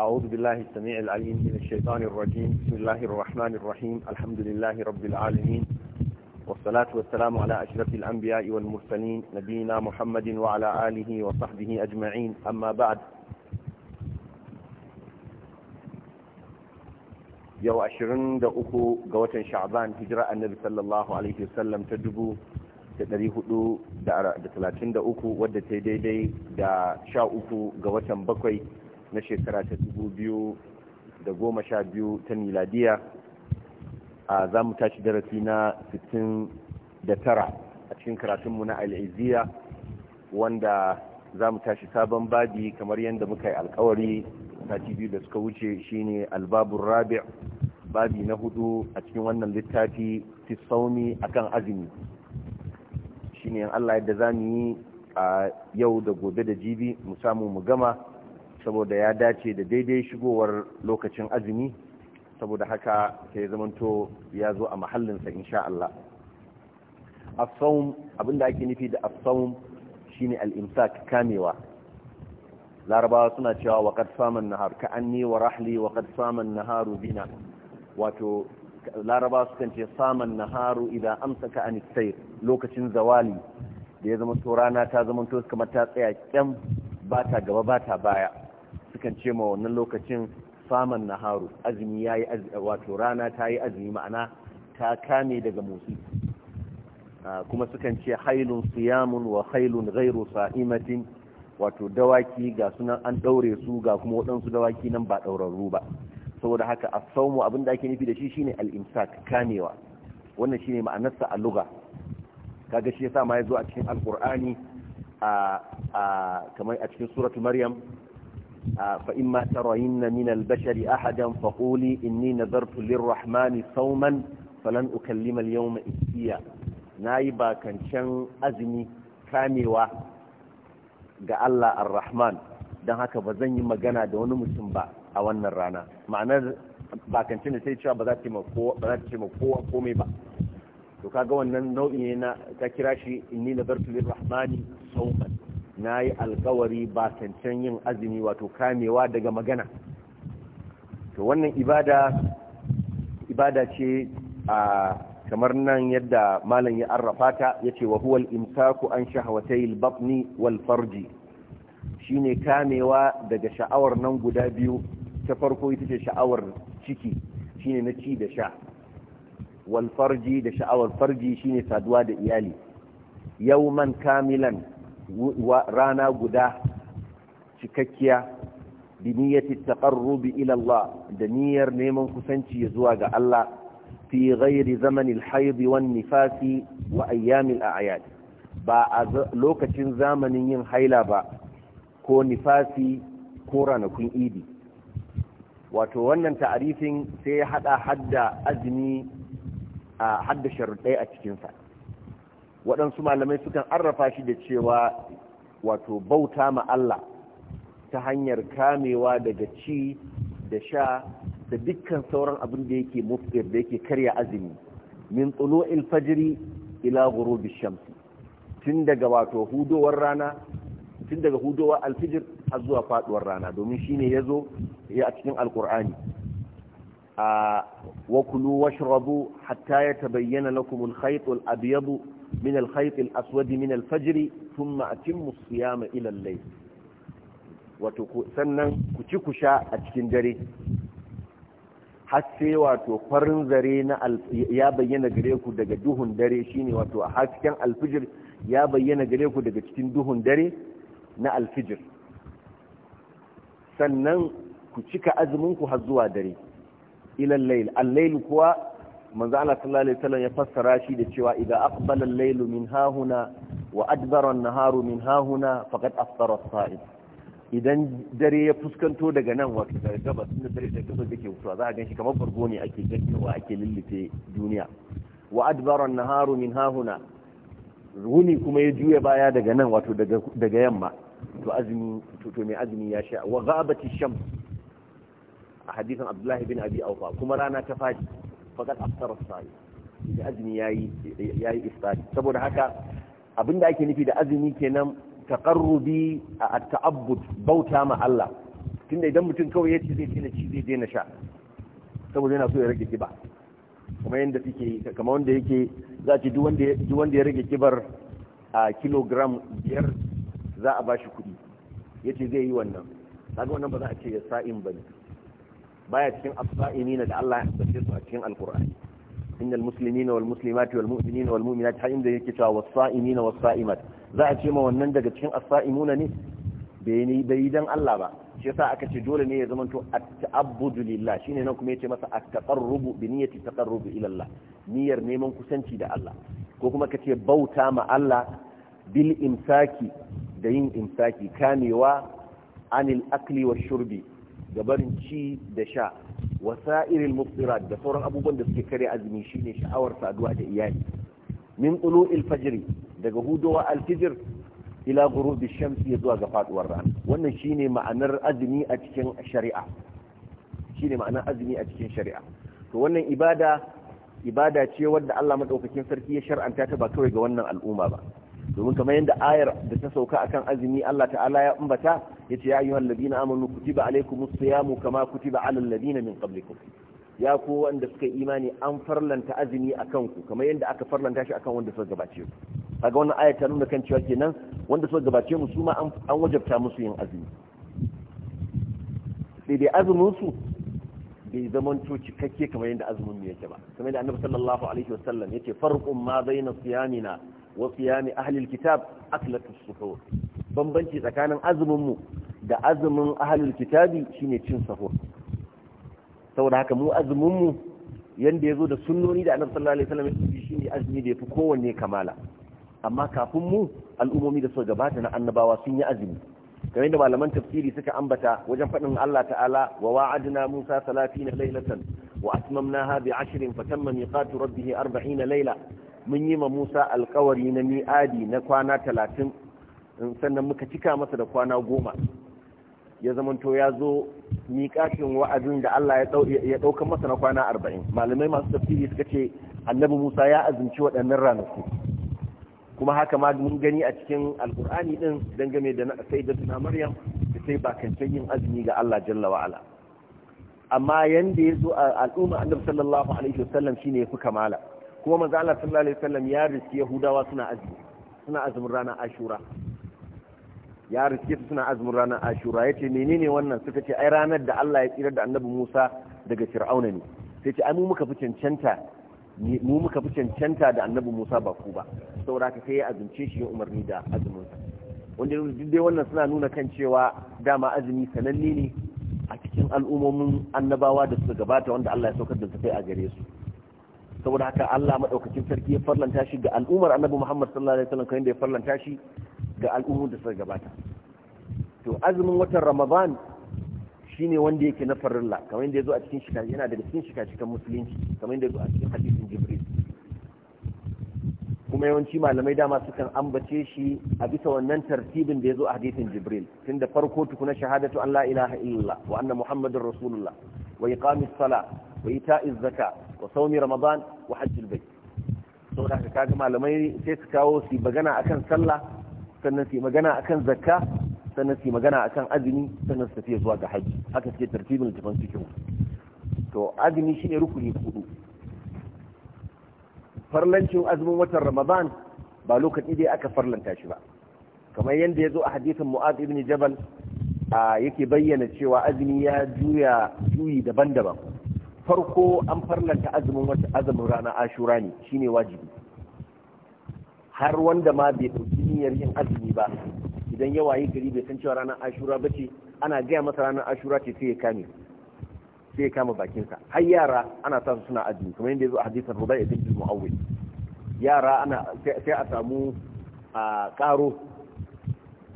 أعوذ بالله السميع العليم من الشيطان الرجيم بسم الله الرحمن الرحيم الحمد لله رب العالمين والصلاة والسلام على أشرف الأنبياء والمرسلين نبينا محمد وعلى آله وصحبه أجمعين أما بعد يو أشرن da قوة شعبان watan النبي صلى الله عليه وسلم wasallam تدري هدو da dari hudu da دي da uku wadda ta daidai na shekara ta dubu biyu da goma sha biyu ta miladiya a za mu tashi darasi na tara a cikin karatunmu na al'iziya wanda za mu tashi sabon babi kamar yadda muka yi alkawari sati biyu da suka wuce shine albabun rabi babi na hudu a cikin wannan littafi fi sauni akan azumi shine yan Allah yadda za mu yi a yau da gobe da jibi mu samu mu gama saboda ya dace da daidai shigowar lokacin azumi saboda haka sai zamanto ya zo a mahallinsa insha Allah as-sawm abinda ake nufi da as-sawm shine al-imsak kamewa larabawa suna cewa wa qad sama an-nahar ka anni wa rahli wa qad sama an-naharu bina wato larabawa sukan ce sama an-naharu idan amsaka an sayr lokacin zawali da ya zama to rana ta zama to kamar ta tsaya kyam ba ta gaba ba ta baya sukan ce ma wannan lokacin faman naharu azumi ya yi wato rana ta yi azumi ma'ana ta kame daga motsi ah, kuma sukan ce hailun siyamun wa hailun ghairu sa'imatin wato dawaki ga sunan an daure su ga kuma waɗansu dawaki nan ba ɗaurarru ba saboda haka a saumu abin da ake nufi da shi shine al-imsak kamewa wannan shine ma'anarsa a lugha kaga shi yasa ma zo a cikin alqur'ani a kamar a cikin suratu maryam فإما ترين من البشر أحدا فقولي إني نذرت للرحمن صوما فلن أكلم اليوم إسيا نايبا كان شن أزمي كاميوا ga Allah Ar-Rahman dan haka ba zan yi magana da wani mutum ba a wannan rana ma'anar bakancin da sai cewa ba za ta ce kowa komai ba to kaga wannan nau'i ne na ta kira shi inni nazartu lirrahmani sawman na yi alkawari ba cancan yin azumi wato kamewa daga magana to wannan ibada ibada ce a kamar nan yadda malam ya arrafa ta yace wa huwal imsaku an shahawatayil batni wal farji shine kamewa daga sha'awar nan guda biyu ta farko ita ce sha'awar ciki shine na ci da sha wal farji da sha'awar farji shine saduwa da iyali yawman kamilan rana guda cikakkiya bi niyyati taqarrubi ila Allah da niyyar neman kusanci zuwa ga Allah fi ghairi zamanil hayd wan nifasi wa ayyamil a'yad ba a lokacin zamanin yin haila ba ko nifasi ko ranakun idi wato wannan ta'arifin sai ya hada hadda azumi a hadda sharuɗai a cikinsa waɗansu malamai sukan arrafa shi da cewa wato bauta ma Allah ta hanyar kamewa daga ci da sha da dukkan sauran abin da yake da yake karya azumi min tsulo'il ilfajiri ila ghurubi shamsi tun daga wato hudowar rana tun daga hudowar alfijir har zuwa faduwar rana domin shine yazo ya a cikin alqur'ani a wa kulu washrabu hatta yatabayyana lakum al-khayt al min al-khayt al-aswad min al-fajr thumma atimmu as-siyama ila al wato sannan ku ci ku sha a cikin dare har sai wato farin zare na ya bayyana gare ku daga duhun dare shine wato a hasken alfijir ya bayyana gare ku daga cikin duhun dare na alfijir sannan ku cika azumin ku har zuwa dare ilal layl al-layl kuwa manzo Allah sallallahu alaihi wasallam ya fassara shi da cewa idza aqbala al-laylu min hahuna wa adbara an-naharu min hahuna faqad aftara as said idan dare ya fuskanto daga nan wato daga gabas inda dare da gabas yake fitowa za a ganshi kamar bargo ne ake gaggawa ake lullufe duniya wa adbara an-naharu min hahuna wuni kuma ya juya baya daga nan wato daga daga yamma to azumi to to mai azumi ya sha wa ghabati shams a hadisin abdullahi bin abi awfa kuma rana ta fadi faqad aftar sa'i da azumi yayi yayi iftari saboda haka abinda ake nufi da azumi kenan taqarrubi at-ta'abbud bauta ma Allah tunda idan mutum kawai ya ce zai daina ci zai sha saboda yana so ya rage kiba kuma yanda suke kama wanda yake za ci duk wanda duk wanda ya rage kibar a kilogram biyar za a bashi kuɗi yace zai yi wannan kaga wannan ba za a ce ya sa'in bane baya cikin asba'imina da Allah ya ambace su a cikin alqur'ani innal muslimina wal muslimati wal mu'minina wal mu'minat har inda yake cewa was-sa'imina was za a ce ma wannan daga cikin as-sa'imuna ne bai ni bai dan Allah ba shi yasa aka ce dole ne ya zama to at-ta'abbudu lillah shine nan kuma yace masa at-taqarrubu bi niyyati taqarrubu ila Allah niyyar neman kusanci da Allah ko kuma kace bauta ma Allah bil imsaki da yin imsaki kamewa anil akli wash shurbi gabarin ci da sha irin muftirat da sauran abubuwan da suke kare azumi shine sha'awar saduwa da iyali min tulu'il fajr daga hudowa alfijir ila ghurubi shamsi zuwa ga faduwar rana wannan shine ma'anar azumi a cikin shari'a shine ma'anar azumi a cikin shari'a to wannan ibada ibada ce wadda Allah madaukakin sarki ya shar'anta ta ba kawai ga wannan al'umma ba domin kamar yadda ayar da ta sauka akan azumi Allah ta'ala ya ambata yace ya ayyuhal ladina amanu kutiba alaykumus siyamu kama kutiba alal ladina min qablikum ya ko wanda suka imani an farlanta azumi akan ku kamar yadda aka farlanta shi akan wanda suka gabace ku kaga wannan ayar ta nuna kan cewa kenan wanda suka gabace mu su ma an wajabta musu yin azumi sai dai azumin su bai zamanto cikakke kamar yadda azumin mu yake ba kamar yadda annabi sallallahu alaihi wasallam yace farqun ma bayna siyamina wa siyami ahlil kitab aklatus suhur bambanci tsakanin azumin mu da azumin ahlul kitabi shine cin sahur saboda haka mu azumin mu yanda yazo da sunnoni da annabi sallallahu alaihi wasallam ya shine azumi kowanne kamala amma kafin mu al'ummomi da suka gabata na annabawa sun yi azumi kamar yadda malaman tafsiri suka ambata wajen faɗin Allah ta'ala wa wa'adna Musa 30 laylatan wa atmamnaha bi 'ashrin fa tamma miqatu rabbih 40 layla mun yi ma Musa alkawari na mi'adi na kwana talatin sannan muka cika masa da kwana goma ya zamanto ya zo miƙafin wa'azin da Allah ya ɗauka masa na kwana arba'in malamai masu tafsiri suka ce annabi Musa ya azinci waɗannan ranaku kuma haka ma mun gani a cikin alkur'ani din game da sai da suna maryam da sai bakantar yin azumi ga Allah jalla wa'ala amma yanda ya zo a al'umma annabi sallallahu alaihi wasallam shine ya fi kamala kuma manzo Allah sallallahu alaihi wasallam ya riski yahudawa suna azumi suna azumin ranar ashura ya riske su suna azumin ranar ashura yace menene wannan suka ce ai ranar da Allah ya tsira da annabi Musa daga Fir'auna ne sai ce ai mu muka fi cancanta mu muka fi cancanta da annabi Musa ba ku ba saboda haka sai ya azumce shi ya umarni da azumin sa wanda duk dai wannan suna nuna kan cewa dama azumi sananne ne a cikin al'ummomin annabawa da suka gabata wanda Allah ya saukar da su kai a gare su saboda haka Allah madaukakin sarki ya farlanta shi ga al'ummar Annabi Muhammad sallallahu alaihi wasallam kayan da ya farlanta shi ga al'ummar da suka gabata to azumin watan Ramadan shine wanda yake na farilla kamar yadda yazo a cikin shika yana daga cikin shika cikin musulunci kamar yadda yazo a cikin hadisin Jibril kuma yawanci malamai dama sukan ambace shi a bisa wannan tartibin da ya zo a hadisin jibril Tunda farko tukuna shahadatu an la ilaha illallah wa anna muhammadar rasulullah wa iqamis sala wa ita'iz zaka wa saumi ramadan wa hajjul ka ga malamai sai su kawo su magana akan sallah sannan su magana akan zakka sannan su magana akan azumi sannan su tafiya zuwa ga haji haka suke tartibin littafin cikin to azumi shine rukuni hudu farlancin azumin watan ramadan ba lokaci dai aka farlanta shi ba kamar yadda ya zo a hadisin mu'ad ibn jabal yake bayyana cewa azumi ya juya juyi daban-daban farko an farlanta azumin wata azumin rana ashura ne shine wajibi har wanda ma bai ɗauki niyyar yin azumi ba idan ya gari bai san cewa ranar ashura ba ce ana gaya masa ranar ashura ce sai ya kame sai ya kama bakinsa har yara ana sa su suna azumi kuma yadda ya zo a hadisan rubai ibn mu'awwil yara ana sai a samu a karo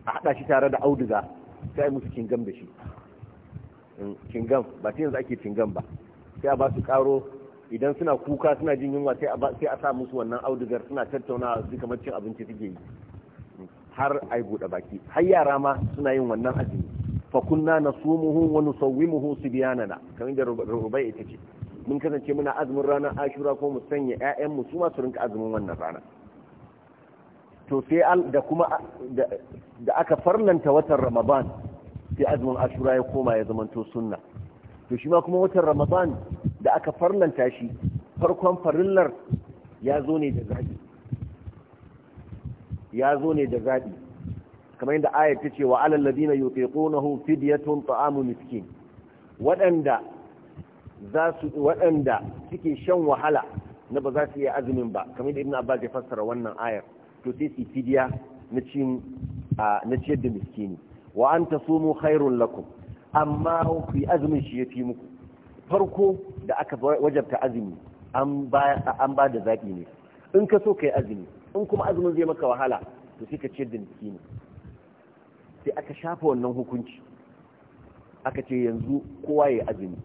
a haɗa shi tare da auduga sai a musu cingam da shi hmm, cingam ba ta yanzu ake cingam ba sai a ba su karo idan suna kuka suna jin yunwa sai a sa musu wannan audugar suna tattauna su kamar cin abinci suke yi har ai buɗe baki har yara ma suna yin wannan azumi fa kunna nasumuhu wa nusawwimuhu na kamar da rubai ita ce mun kasance muna azumin ranar ashura ko mu sanya ƴaƴan mu su ma su rinka azumin wannan rana to sai al da kuma da aka farlanta watan ramadan sai azumin ashura ya koma ya zama to sunna to shi ma kuma watan ramadan da aka farlanta shi farkon farillar ya zo ne da zaɓi ya zo ne da zaɓi kamar yadda ayat ta ce wa alal ladina yutiqunahu fidyatun ta'amu miskin waɗanda za su waɗanda suke shan wahala na ba za su yi azumin ba kamar yadda ibn abbas ya fassara wannan ayar to sai su fidiya na cin na ciyar da miskini wa an tasumu khairun lakum amma ku yi azumin shi ya fi muku farko da aka wajabta azumi an ba da zaɓi ne in ka so ka yi azumi in kuma azumin zai maka wahala to sai ka ciyar da ne. sai aka shafa wannan hukunci aka ce yanzu kowa ya azumi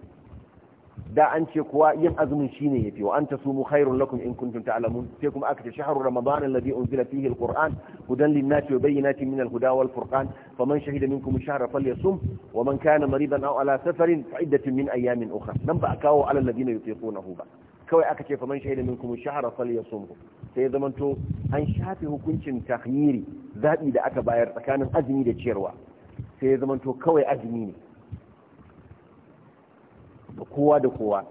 da an ce kuwa yin azumin shine yafi wa anta sumu khairun lakum in kuntum ta'lamun sai kuma aka ce shahru ramadan alladhi unzila fihi alquran hudan lin-nasi wa bayyinatin min al-huda wal-furqan faman shahida minkum ash-shahra falyasum wa man kana maridan aw ala safarin fa iddatun min ayamin ukhra nan ba kawo ala alladhina yutiqunahu ba kawai aka ce faman shahida minkum ash-shahra falyasum sai zamanto an shafe hukuncin takhyiri zabi da aka bayar tsakanin azumi da ciyarwa sai zamanto kawai azumi ne kowa da kowa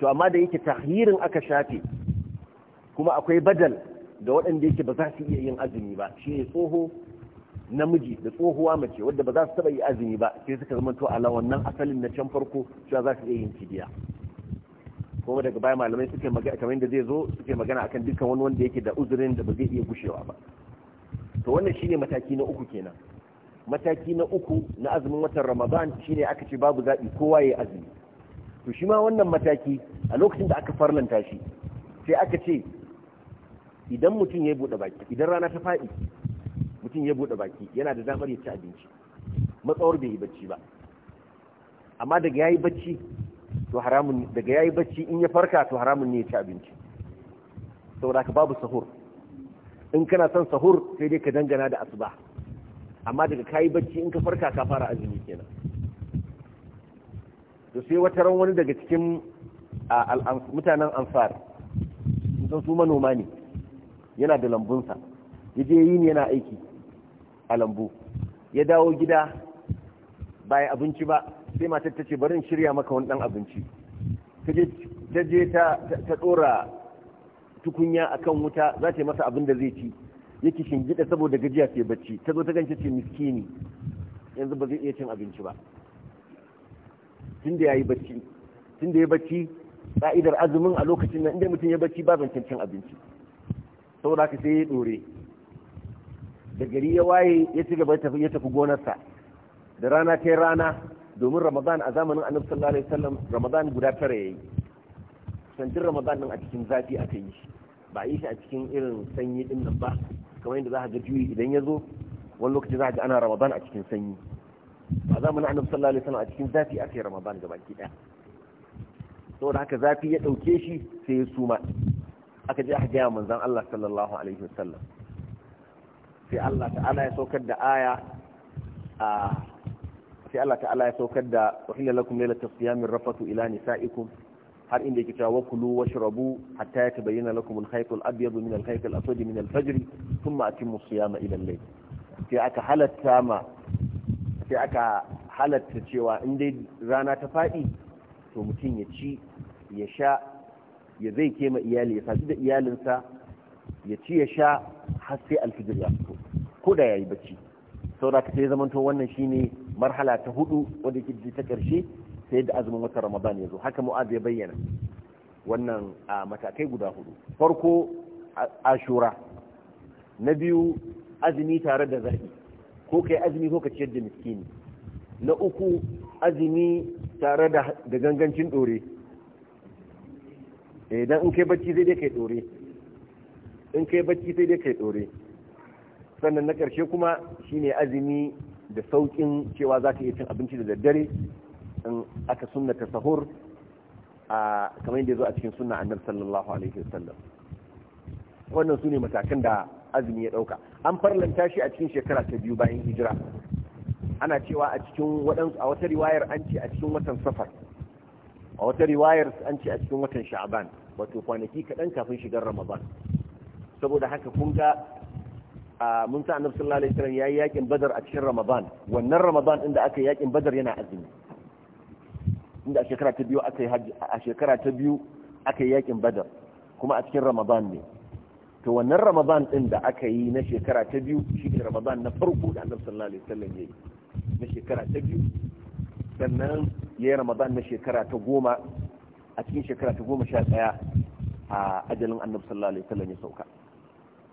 to amma da yake tahirin aka shafe kuma akwai badal da waɗanda yake ba za su iya yin azumi ba shi ne tsoho namiji da tsohuwa mace wadda ba za su taɓa yi azumi ba sai suka zama to ala wannan asalin na can farko cewa za su iya yin cibiya kuma daga baya malamai suke magana kamar yadda zai zo suke magana akan dukkan wani wanda yake da uzurin da ba zai iya gushewa ba to wannan shi ne mataki na uku kenan mataki na uku na azumin watan ramadan shine aka ce babu zaɓi kowa ya azumi to shi ma wannan mataki a lokacin da aka farlanta shi sai aka ce idan mutum ya buɗe baki idan rana ta faɗi mutum ya buɗe baki yana da damar ya ci abinci matsawar bai yi bacci ba amma daga yayi bacci to haramun daga yayi bacci in ya farka to haramun ne ya ci abinci saboda ka babu sahur in kana son sahur sai dai ka dangana da asuba amma daga kayi bacci in ka farka ka fara azumi kenan to sai wata ran wani daga cikin mutanen ansar sun su manoma ne yana da lambunsa ya je yi yana aiki a lambu ya dawo gida bayan abinci ba sai matar ta ce barin shirya maka wani dan abinci ta je ta ɗora tukunya akan wuta za ta yi masa abin da zai ci yake shingida saboda gajiya ce bacci ta zo ta ganci ce miskini yanzu ba zai iya cin abinci ba tunda yi bacci tunda ya bacci ka'idar azumin a lokacin nan inda mutum ya bacci ba zancen cin abinci saboda haka sai ya dore da gari ya waye ya ci gaba ya tafi gonarsa da rana ta rana domin ramadan a zamanin annabi sallallahu alaihi wasallam ramadan guda tara yayi santin ramadan din a cikin zafi aka yi shi ba yi shi a cikin irin sanyi din nan ba kamar yadda za ka ga juyi idan ya zo wani lokaci za ka ga ana ramadan a cikin sanyi ba za mu na annabi sallallahu alaihi wasallam a cikin zafi aka yi ramadan gaba ki daya saboda haka zafi ya dauke shi sai ya suma aka je aka gaya manzon Allah sallallahu alaihi wasallam sai Allah ta'ala ya saukar da aya a sai Allah ta'ala ya saukar da wahilla lakum lailatul siyamir rafatu ila nisaikum har inda yake cewa kulu washrabu hatta yatabayyana lakum al-khayt al-abyad min al-khayt al-aswad min al-fajr thumma atimmu siyama ila al-layl sai aka halatta ma sai aka halatta cewa in dai rana ta fadi to mutum ya ci ya sha ya zai kema iyali ya sadu da iyalinsa ya ci ya sha har sai alfijir ya fito ko da yayi bacci saboda ka sai zamanto wannan shine marhala ta hudu wadda ke ta karshe sai da azumin watan ramadan ya zo haka mu'az ya bayyana wannan a matakai guda hudu farko ashura na biyu azumi tare da zaɓi ko kai azumi ko ka ciyar da miskini na uku azumi tare da gangancin ɗore idan eh, in kai bacci zai dai kai ɗore in kai bacci sai dai kai ɗore sannan na ƙarshe kuma shine azumi da sauƙin cewa za ka iya cin abinci da daddare in aka sunnata sahur a kamar yadda ya zo a cikin sunna annabi sallallahu alaihi wasallam wannan su ne matakan da azumi ya ɗauka an farlanta shi a cikin shekara ta biyu bayan hijira ana cewa a cikin waɗansu a wata riwayar an ce a cikin watan safar a wata riwayar an ce a cikin watan sha'aban wato kwanaki kaɗan kafin shigar ramadan saboda haka kun ga mun sa annabi sallallahu alaihi wasallam yayi yakin badar a cikin ramadan wannan ramadan inda aka yakin badar yana azumi inda a shekara ta biyu aka yi hajji a shekara ta biyu aka yi yakin badar kuma a cikin ramadan ne to wannan ramadan din da aka yi na shekara ta biyu shi ne ramadan na farko da annabi sallallahu alaihi wasallam ya yi na shekara ta biyu sannan ya yi ramadan na shekara ta goma a cikin shekara ta goma sha ɗaya a ajalin annabi sallallahu alaihi wasallam ya sauka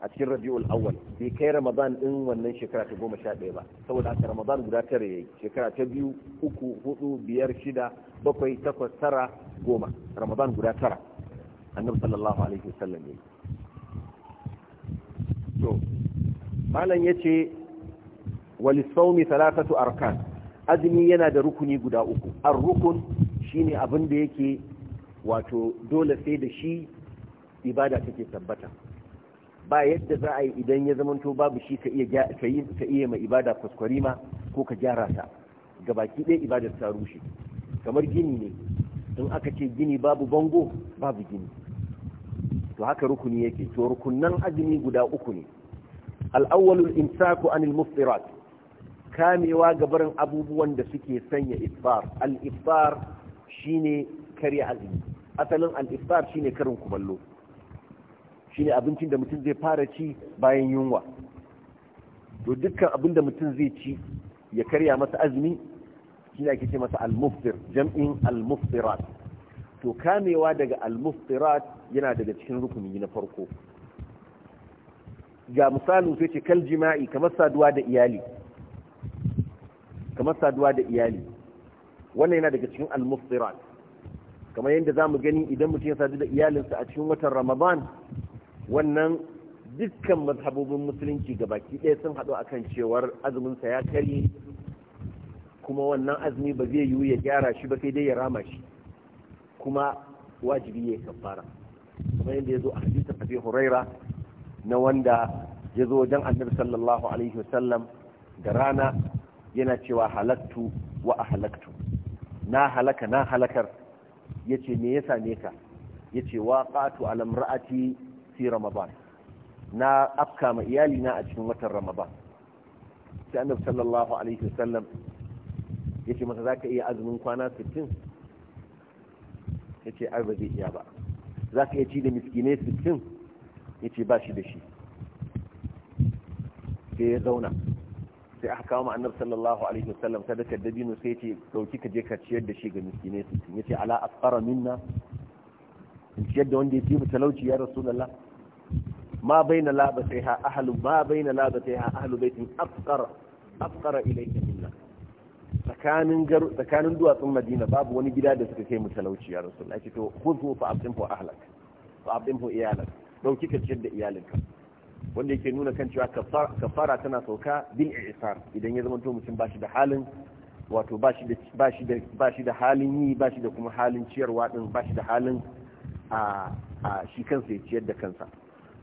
a cikin rabi'ul awwal bai kai ramadan din wannan shekara ta goma sha ɗaya ba saboda haka ramadan guda tara yayi shekara ta biyu uku hudu biyar shida bakwai takwas tara goma ramadan guda tara annabi sallallahu alaihi wasallam yayi to malam yace sawmi thalathatu arkan azumi yana da rukuni guda uku ar-rukun shine abin da yake wato dole sai da shi ibada take tabbata ba yadda za a yi idan ya zamanto babu shi ka iya ka iya ma ibada kwaskwarima ko ka gyara ta gabaki ɗaya ibadar ta rushe kamar gini ne in aka ce gini babu bango babu gini to haka rukuni yake to rukunan azumi guda uku ne al'awwalul imsaku anil mufsirat kamewa ga barin abubuwan da suke sanya iftar al-iftar shine karya azumi asalin al-iftar shine karin kumallo shine abincin da mutum zai fara ci bayan yunwa to dukkan abinda mutum zai ci ya karya masa azumi shi ake ce masa al-muftir jam'in al-muftirat to kamewa daga al-muftirat yana daga cikin rukuni na farko ga misali sai ce kal jima'i kamar saduwa da iyali kamar saduwa da iyali wannan yana daga cikin al-muftirat kamar yadda za mu gani idan mutum ya sadu da iyalinsa a cikin watan ramadan wannan dukkan mazhabobin musulunci ga baki ɗaya sun haɗu akan cewar azuminsa ya kare kuma wannan azumi ba zai yiwu ya gyara shi ba sai dai ya rama shi kuma wajibi ya kafara kuma yadda ya zo a hadisin abi huraira na wanda ya zo wajen annabi sallallahu alaihi wasallam da rana yana cewa halattu wa a halattu na halaka na halakar ya ce me ya same ka ya ce wa ƙatu ra'ati fi ramadan na afka ma iyalina a cikin watan ramadan sai annabi sallallahu alaihi wasallam ya ce masa za ka iya azumin kwana 16 ya ce ai ba zai iya ba za ka iya ci da miskinai 16 ya ce ba shi da shi sai ya zauna sai aka kawo ma'anar sallallahu alaihi wasallam kaddabi dabino sai ya ce dauki ka je ka ciyar da shi ga miskinai 16 ya ce ala asfara minna in ciyar da wanda ya fi talauci ya rasu rasulullah ما بين لابتها أهل ما بين لابتها أهل بيت afkara ilai إليك minna. tsakanin duwatsun madina babu wani gida da suka kai mu talauci ya rasul ake to kuzu fa abdin fa ahlak fa abdin fa iyalak dauki ka ciyar da iyalinka wanda yake nuna kan cewa kafara tana sauka bil i'sar idan ya zama to mutum bashi da halin wato bashi da bashi da bashi da halin yi bashi da kuma halin ciyarwa din bashi da halin a a shi kansa ya ciyar da kansa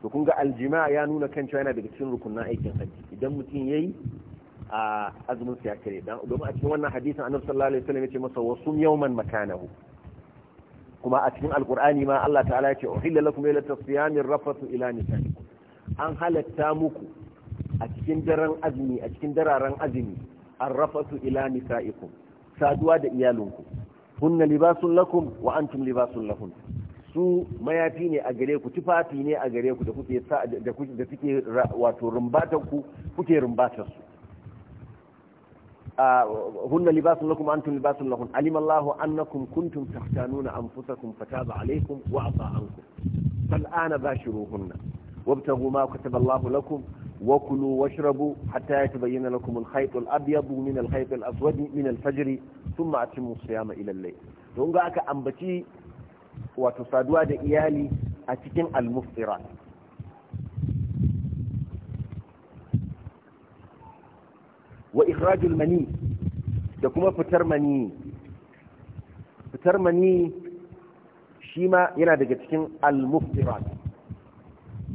to kun ga aljima ya nuna kan cewa yana daga cikin rukunin aikin haji idan mutum yayi a azumin su ya kare dan domin a cikin wannan hadisin annabi sallallahu alaihi wasallam yace masa wasum yawman makanahu kuma a cikin alqur'ani ma Allah ta'ala yace uhilla lakum laylata siyamir rafathu ila nisaikum an halatta muku a cikin daren azumi a cikin dararen azumi arrafatu ila nisaikum saduwa da iyalinku hunna libasun lakum wa antum libasun lahun su mayafi ne a gare ku tufafi ne a gare ku da kuke da kuke wato rumbatanku ku kuke rumbatar su آه، هن لباس لكم أنتم لباس لهم علم الله أنكم كنتم تختانون أنفسكم فتاب عليكم وأعطى عنكم فالآن باشروهن وابتغوا ما كتب الله لكم وكلوا واشربوا حتى يتبين لكم الخيط الأبيض من الخيط الأسود من الفجر ثم أتموا الصيام إلى الليل don ga وتصادوا ambaci wato saduwa المفطرات wa ikhrajul mani da kuma fitar mani fitar mani shi ma yana daga cikin al-muftirat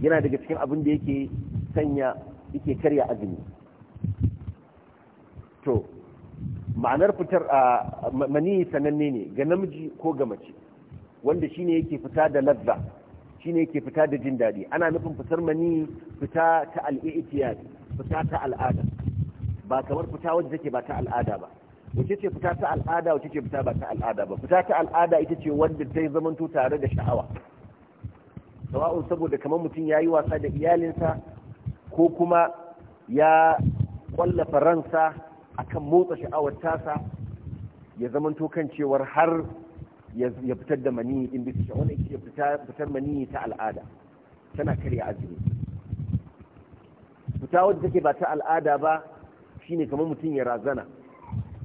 yana daga cikin abin da yake sanya yake karya azumi to ma'anar fitar a mani sananne ne ga namiji ko ga mace wanda shine yake fita da ladda shine yake fita da jin daɗi ana nufin fitar mani fita ta al'i'tiyad fita ta al'ada ba kamar fita wadda take ba ta al'ada ba wace ce fita ta al'ada wace ce fita ba ta al'ada ba fita ta al'ada ita ce wanda ta yi zamanto tare da sha'awa sawa'un saboda kamar mutum ya yi wasa da iyalinsa ko kuma ya kwallafa ransa akan motsa sha'awar tasa ya zamanto kan cewar har ya fitar da maniyi in bisa sha'awar ya fitar maniyi ta al'ada tana karya azumi fita wadda take ba ta al'ada ba shine kamar mutum ya razana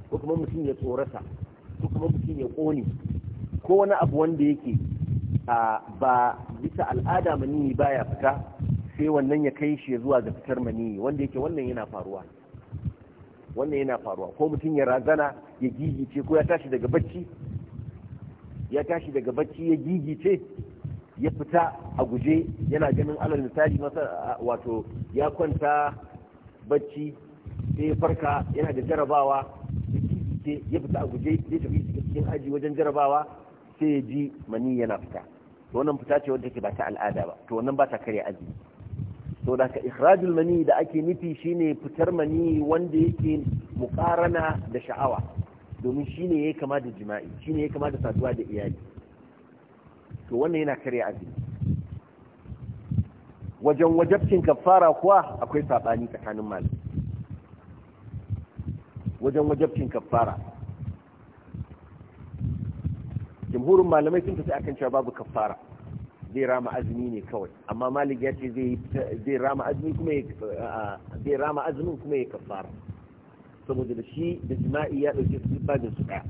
ko kamar mutum ya tsorata ko kamar mutum ya ƙone ko wani abu wanda yake ba bisa al'ada maniyi ya fita sai wannan ya kai shi zuwa ga fitar maniyi wanda yake wannan yana faruwa wannan yana faruwa ko mutum ya razana ya gigice ko ya tashi daga bacci ya tashi daga bacci ya gigice ya fita a guje yana ganin alal misali masa wato ya kwanta bacci sai ya farka yana da jarabawa sai ya fita a guje ya tafi cikin aji wajen jarabawa sai ya ji mani yana fita to wannan fita ce wanda take ba ta al'ada ba to wannan ba ta karya aji to da ka ikhrajul mani da ake nufi shine fitar mani wanda yake muqarana da sha'awa domin shine yayi kama da jima'i shine yayi kama da saduwa da iyali to wannan yana karya aji wajen wajabcin kafara kuwa akwai sabani tsakanin malamai wajen wajabcin kaffara jamhurin malamai sun tafi akan cewa babu kaffara zai rama azumi ne kawai amma malik ya ce zai rama azumi kuma ya zai rama azumin kuma ya kaffara saboda da shi da jima'i ya dauke su bajin su daya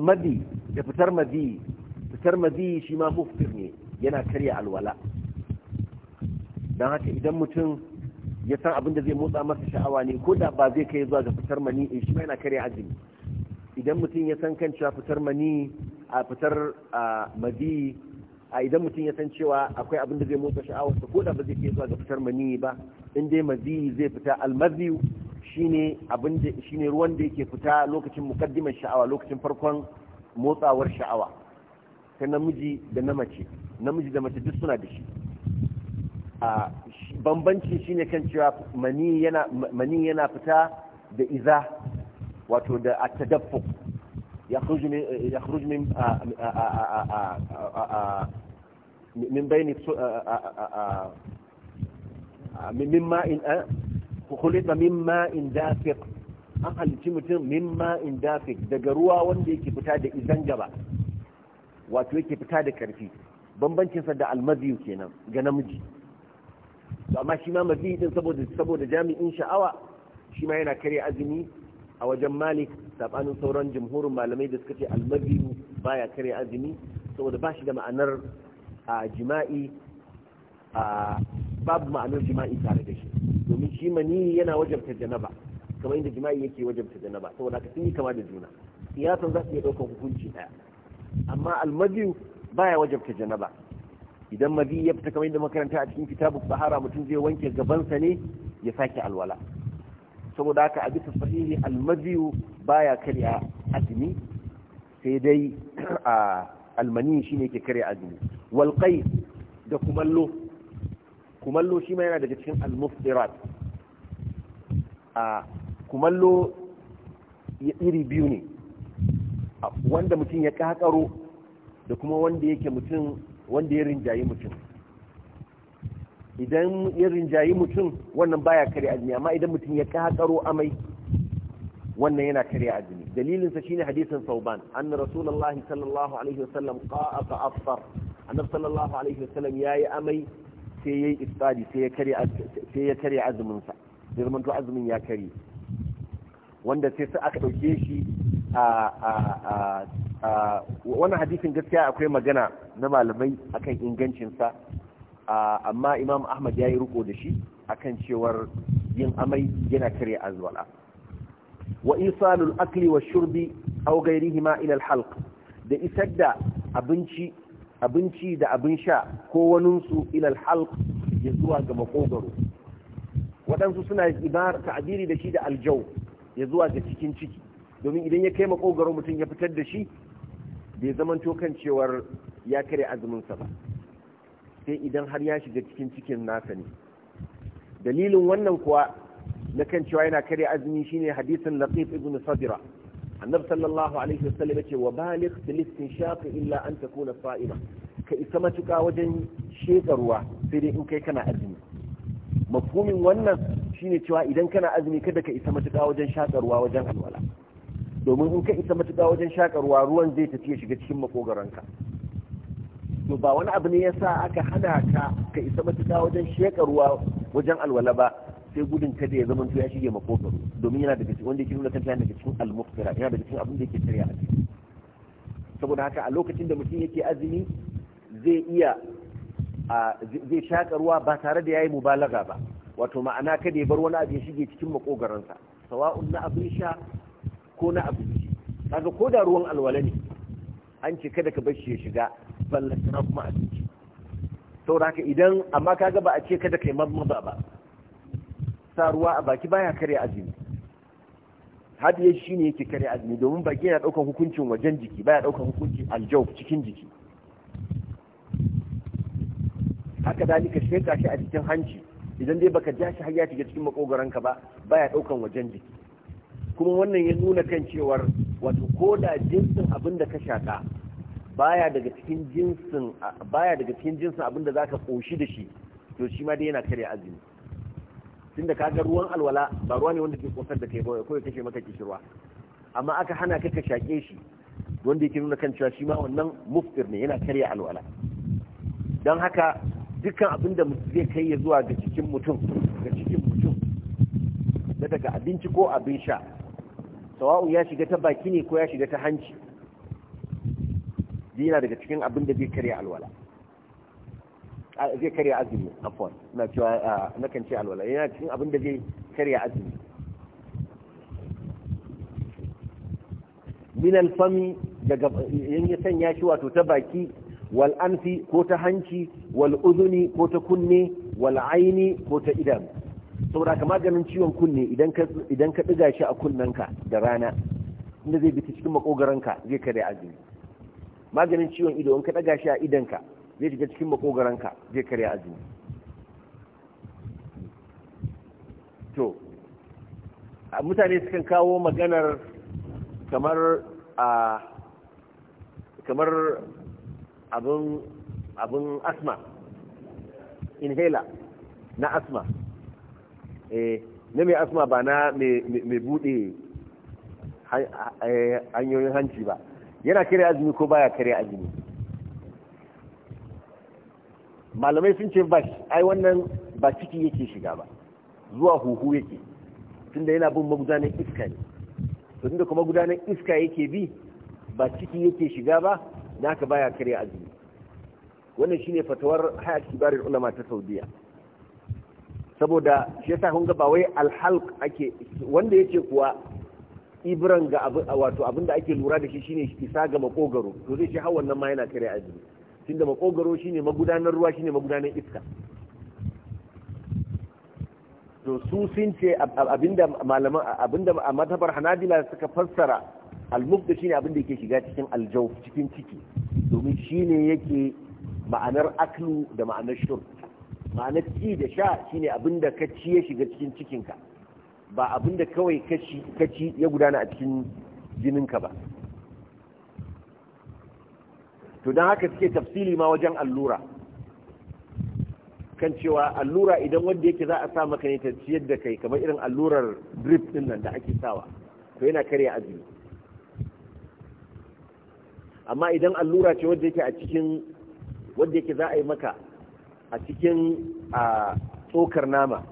madi da fitar madi fitar madi shi ma muftir ne yana karya alwala don haka idan mutum ya san abin da zai motsa masa sha'awa ne ko da ba zai kai zuwa ga fitar mani in eh, shi yana karya azumi idan mutum ya san kan cewa fitar mani a fitar madi a idan mutum ya san cewa akwai abin da zai motsa sha'awarsa ko da ba zai kai zuwa ga fitar mani ba in dai madi zai fita almazi shine abin ruwan da yake fita lokacin mukaddimar sha'awa lokacin farkon motsawar sha'awa ta namiji da na mace namiji da mace duk suna da shi a bambanci shine kan cewa mani yana mani yana fita da iza wato da at-tadaffu ya من min من من بين من ماء خلط من ماء an halicci mutum min ma'in dafik daga ruwa wanda yake fita da izan gaba wato yake fita da karfi bambancinsa da almaziyu kenan ga namiji to amma shi ma mafi din saboda jami'in sha'awa shi ma yana karya azumi a wajen malik sabanin sauran jumhurin malamai da suka ce almabiyu baya karya azumi saboda ba shi da ma'anar a jima'i a babu ma'anar jima'i tare da shi domin shi mani yana wajabta janaba kamar inda jima'i yake wajabta janaba saboda ka sun yi kama da juna iyasan za su iya ɗaukar hukunci ɗaya amma almabiyu baya wajabta janaba idan mazi ya fita kamar yadda makaranta a cikin kitabu sahara mutum zai wanke gabansa ne ya sake alwala saboda haka a bisa sahihi almaziyu baya karya azumi sai dai a almani shine ke karya azumi walqai da kumallo kumallo shi ma yana daga cikin almufdirat a kumallo ya iri biyu ne wanda mutum ya kakaro da kuma wanda yake mutum wanda ya rinjayi mutum idan ya rinjayi mutum wannan baya kare azumi amma idan mutum ya kakaro amai wannan yana kare azumi dalilin sa shine hadisin sauban anna rasulullah sallallahu alaihi wasallam qa'a fa afṭar annabi sallallahu alaihi wasallam yayi amai sai yayi iftari sai ya kare sai ya kare azumin sa girman to azumin ya kare wanda sai sai aka dauke shi a a wannan hadisin gaskiya akwai magana na malamai akan ingancinsa amma imam ahmad ya yi riko da shi akan cewar yin amai yana kare azwala wa isalul akli wa shurbi aw ma ila al da isar da abinci abinci da abin sha ko su ilal halq ya zuwa ga makogaro waɗansu suna ibar ta'abiri da shi da aljau ya zuwa ga cikin ciki domin idan ya kai makogaro mutum ya fitar da shi bai zamanto kan cewar ya kare azuminsa ba sai idan har ya shiga cikin cikin nasa ne dalilin wannan kuwa na kan cewa yana kare azumi shine hadisin laqif ibn sadira annab sallallahu alaihi wasallam yace wa baligh fil istinshaq illa an takuna sa'ima ka isa matuka wajen sheka ruwa sai dai in kai kana azumi mafhumin wannan shine cewa idan kana azumi kada ka isa matuka wajen shaka ruwa wajen alwala domin in ka isa matuƙa wajen shakarwa ruwan zai tafiya shiga cikin makogaranka to ba wani abu ne yasa aka hana ka ka isa matuƙa wajen shakarwa wajen alwala ba sai gudun kada ya zama ya shige makogaro domin yana daga cikin wanda yake nuna kanta yana daga cikin almuftira yana daga cikin abin da yake tsariya a ciki saboda haka a lokacin da mutum yake azumi zai iya zai shakarwa ba tare da yayi mubalaga ba wato ma'ana kada ya bar wani abu ya shige cikin makogaransa sawa'un na abin sha ko na abinci kaga ko da ruwan alwala ne an ce kada ka bashi ya shiga na kuma abinci saboda idan amma kaga ba a ce kada kai mamma ba sa ruwa a baki baya karya azumi hadi ya shine yake karya azumi domin baki yana daukar hukuncin wajen jiki baya daukar hukuncin aljau cikin jiki haka dalika sheka shi a cikin hanci idan dai baka ja shi har ya shiga cikin makogoranka ba baya ɗaukan wajen jiki kuma wannan ya nuna kan cewar wato ko da jinsin abin da ka shaƙa baya daga cikin jinsin daga cikin jinsin abin da ka koshi da shi to shi ma dai yana kare azumi tunda kaga ruwan alwala ba ruwa ne wanda ke kosar da kai ba ko ya kashe maka kishirwa amma aka hana ka ka shaƙe shi wanda yake nuna kan cewa shi ma wannan muftir ne yana karya alwala don haka dukkan abin da zai kai ya zuwa ga cikin mutum ga cikin mutum daga abinci ko abin sha sawa'u ya shiga ta baki ne ko ya shiga ta hanci yana daga cikin abin da zai karya alwala zai kare azumi afwan na cewa na kan ce alwala yana cikin abin da zai karya azumi min alfami daga yan ya sanya shi wato ta baki wal anfi ko ta hanci wal ko ta kunne wal aini ko ta idanu saboda ka maganin ciwon kunne idan ka ɗiga shi a kunnenka da rana inda zai bita cikin makogaranka zai kare azumi maganin ciwon ido in ka ɗaga shi a idanka zai shiga cikin makogaranka zai kare azumi to mutane sukan kawo maganar kamar a kamar abin abin asma inhaler na asma Eh, na mai asma ba na mai bude eh, hanyoyin hanci ba yana kare azumi ko baya kare azumi malamai sun ce ba ai wannan ba ciki yake shiga ba zuwa huhu yake tunda yana bin magudanar iska ne tun tunda kuma gudanar iska yake bi ba ciki yake shiga ba na ka baya kare azumi wannan shine fatawar hayat kibarin ulama ta saudiya saboda shi yasa kun ga ba wai alhalq ake wanda yake kuwa ibran ga abu wato abinda ake lura da shi shine isa ga makogaro to zai shi hawan nan ma yana kare azumi tunda makogaro shine magudanar ruwa shine magudanar iska to su sun ce abinda malaman abinda a matabar hanabila suka fassara al-mufta shine abinda yake shiga cikin aljau cikin ciki domin shine yake ma'anar aklu da ma'anar shurb ma'ana ci da sha shine abin da ka ci ya shiga cikin cikinka ba abin da kawai ka ci ya gudana a cikin jininka ba to don haka suke tafsili ma wajen allura kan cewa allura idan wanda yake za a sa maka ne ta ciyar da kai kamar irin allurar drip din nan da ake sawa to yana karya azumi amma idan allura ce wanda yake a cikin wanda yake za a yi maka a cikin a tsokar nama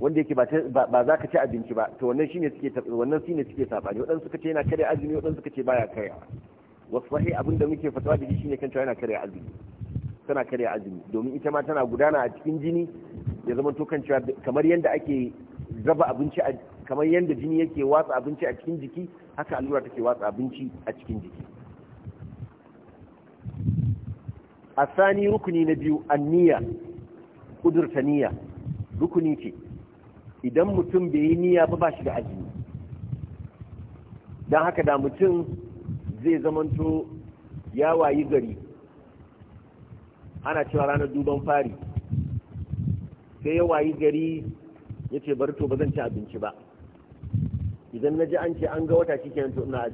wanda yake ba za ka ci abinci ba to wannan shine suke wannan shine suke sabani wadansu suka ce yana kare azumi wadansu suka ce baya kare wasu sahi abin da muke fatawa da shi ne kan cewa yana kare azumi tana kare azumi domin ita ma tana gudana a cikin jini ya zama to kan cewa kamar yadda ake zaba abinci kamar yadda jini yake watsa abinci a cikin jiki haka allura take watsa abinci a cikin jiki a sani rukuni na biyu anniya ƙudurta niyya rukuni ce idan mutum bai yi niyya ba ba shi da azumi don haka da mutum zai zamanto ya wayi gari ana cewa ranar duban fari sai ya wayi gari ya ce bari to ba zan ci abinci ba idan na ji an ce an ga wata shi kenan to ina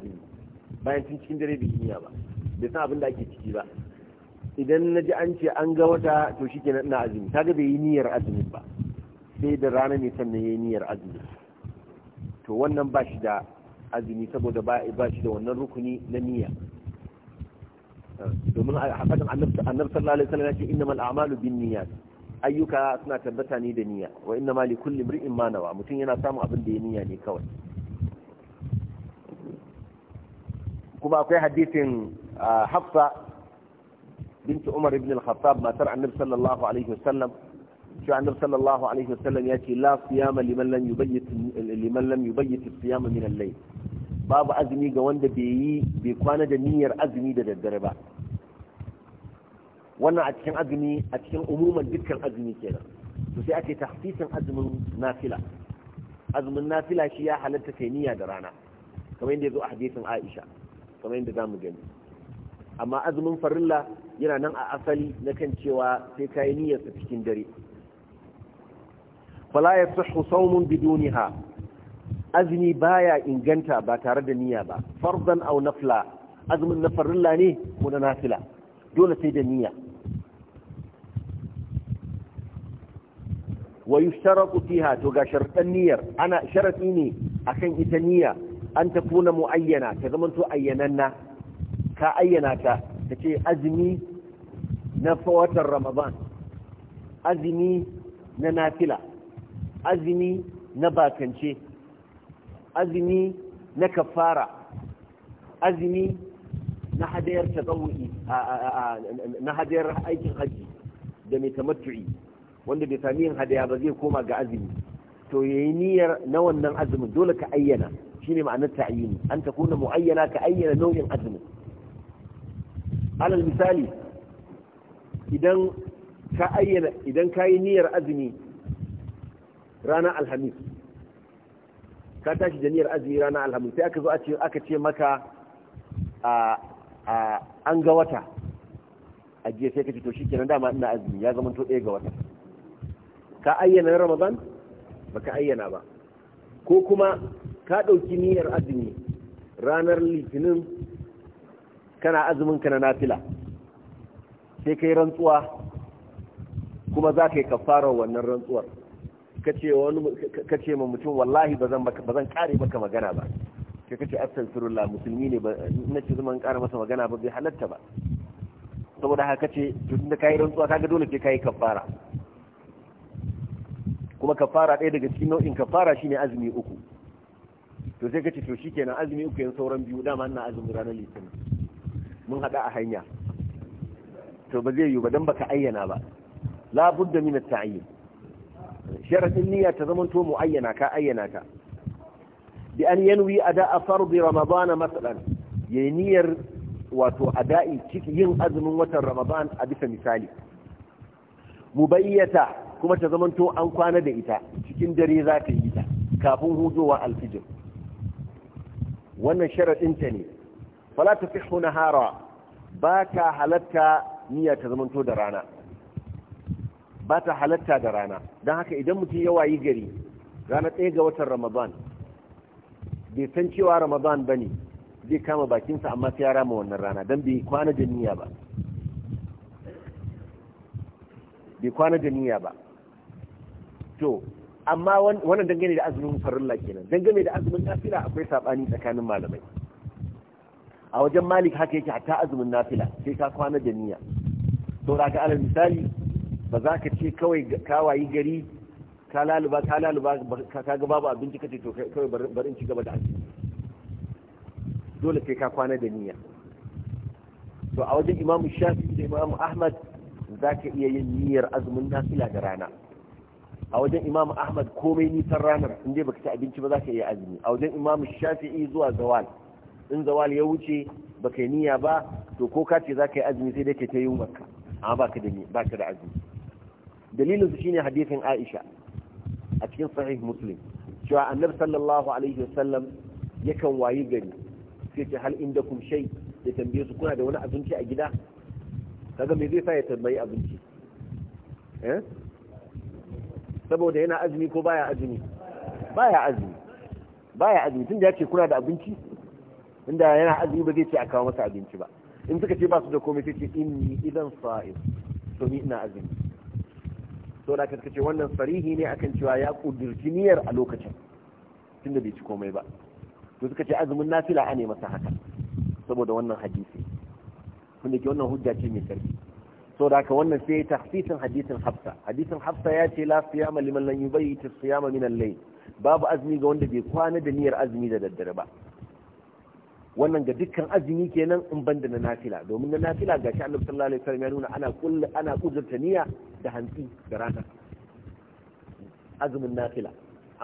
bayan tun cikin dare bai niyya ba bai san abin da ake ciki ba idan na ji an ce an ga wata to shi ke na azumi kaga bai yi niyyar azumi ba sai da rana ne sannan ya yi niyyar azumi to wannan ba shi da azumi saboda ba shi da wannan rukuni na niyya domin a hakan annabi sallallahu alaihi wasallam ya ce innamal a'malu binniyat ayyuka suna tabbata ne da niyya wa inna ma li kulli imrin ma mutum yana samun abin da ya niyya ne kawai kuma akwai hadisin ah, hafsa binti Umar ibn al-Khattab matar Annabi sallallahu alaihi wasallam ya ce la siyama liman lam yubayyit liman lam yubayyit siyama min babu azumi ga wanda bai yi bai kwana da niyyar azumi da daddare ba wannan a cikin azumi a cikin umuman dukkan azumi kenan sosai sai ake tahsisin azumin nafila azumin nafila shi ya halatta kai niyya da rana kamar yadda ya zo a hadisin Aisha kamar yadda zamu gani amma azumin farilla yana nan a asali na kan cewa sai ka yi sa cikin dare fala ya sahu saumun biduniha Azmi baya inganta ba tare da niyya ba fardan au nafla azumin na farilla ne ko na nafila dole sai da niyya wa yushtaratu fiha to ga shartan niyyar ana sharati ne akan ita niyya an kuna muayyana ta zamanto ayyananna ka ayyana ta tace azumi na fawatar ramadan azumi na nafila azumi na bakance azumi na kafara azumi na hadayar tazawu'i na hadayar aikin haji da mai tamattu'i wanda bai sami yin hadaya ba zai koma ga azumi to yayi niyyar na wannan azumin dole ka ayyana shine ma'anar ta'ayini an takuna mu'ayyana ka ayyana nau'in azumin alal misali idan ka ayyana idan ka yi niyyar azumi rana alhamis ka tashi da niyyar azumi rana alhamis sai aka zo aka ce maka an ga wata a jiya sai ka ce to shi dama ina azumi ya zama to ɗaya ga wata ka ayyana na ramadan baka ayyana ba ko kuma ka ɗauki niyyar azumi ranar litinin kana azumin ka na nafila sai kai rantsuwa kuma za ka yi kafarar wannan rantsuwar ka ce ma mutum wallahi ba zan kare maka magana ba ka kace astaghfirullah musulmi ne ba na ce zan kare masa magana ba bai halatta ba saboda haka kace tun da kai rantsuwa ga dole sai kai kafara kuma kafara ɗaya daga cikin nau'in kafara shine azumi uku to sai kace to shikenan azumi uku yan sauran biyu dama ina azumi ranar litinin mun haɗa a hanya to ba zai yi ba dan baka ayyana ba la budda min at-ta'yin sharadin niyya ta zaman to ayyana ka ayyana ta bi an yanwi ada'a fard ramadana ya yi niyyar wato ada'i cikin yin azumin watan ramadan a bisa misali mubayyata kuma ta zaman to an kwana da ita cikin dare za ta yi ta kafin hudowa alfijir wannan sharadin ta ne fala tasihhu nahara ba ta halatta niyya ta zamanto da rana ba ta halatta da rana don haka idan mutum ya wayi gari rana ɗaya ga watan ramadan bai san cewa ramadan ba ne zai kama bakinsa amma sai ya rama wannan rana don bai kwana da niyya ba bai kwana da niyya ba to amma wannan dangane da azumin farilla kenan dangane da azumin nafila akwai saɓani tsakanin malamai a wajen malik haka yake hatta azumin nafila sai ka kwana da niyya to da ka alal misali ba za ka ce kawai wayi gari ka laluba ka laluba ka ga babu abinci ce to kawai barin ci gaba da aiki dole sai ka kwana da niyya to a wajen imam shafi da imam ahmad za ka iya yin niyyar azumin nafila da rana a wajen imam ahmad komai nisan ranar inda baka ci abinci ba za ka iya azumi a wajen imam shafi'i zuwa zawal in zawal ya wuce ba kai niyya ba to ko ka ce za ka yi azumi sai dai ka ta yi umarka amma ba ka da ba ka da azumi dalilin su shine hadisin Aisha a cikin sahih Muslim cewa annabi sallallahu alaihi wasallam yakan wayi gari sai ce hal indakum shay ya tambaye su kuna da wani abinci a gida kaga me zai sa ya tambayi abinci eh saboda yana azumi ko baya azumi baya azumi baya azumi tunda yake kuna da abinci inda yana azumi ba zai ce a kawo masa abinci ba in suka ce ba su da komai sai ce ni idan sa'ir to ni ina azumi to da ka ce wannan sarihi ne akan cewa ya kudirci niyyar a lokacin tunda bai ci komai ba to suka ce azumin nafila ane masa haka saboda wannan hadisi wanda ke wannan hujja ce mai karfi to da ka wannan sai tahsisin hadisin hafsa hadisin hafsa ya ce la siyama liman lan yubayyitu siyama min al-layl babu azumi ga wanda bai kwana da niyyar azumi da daddare ba wannan ga dukkan azumi kenan in ban da na nafila domin na nafila ga shi Allah sallallahu alaihi wasallam ya nuna ana kullu ana kudurta niyya da hantsi da rana azumin nafila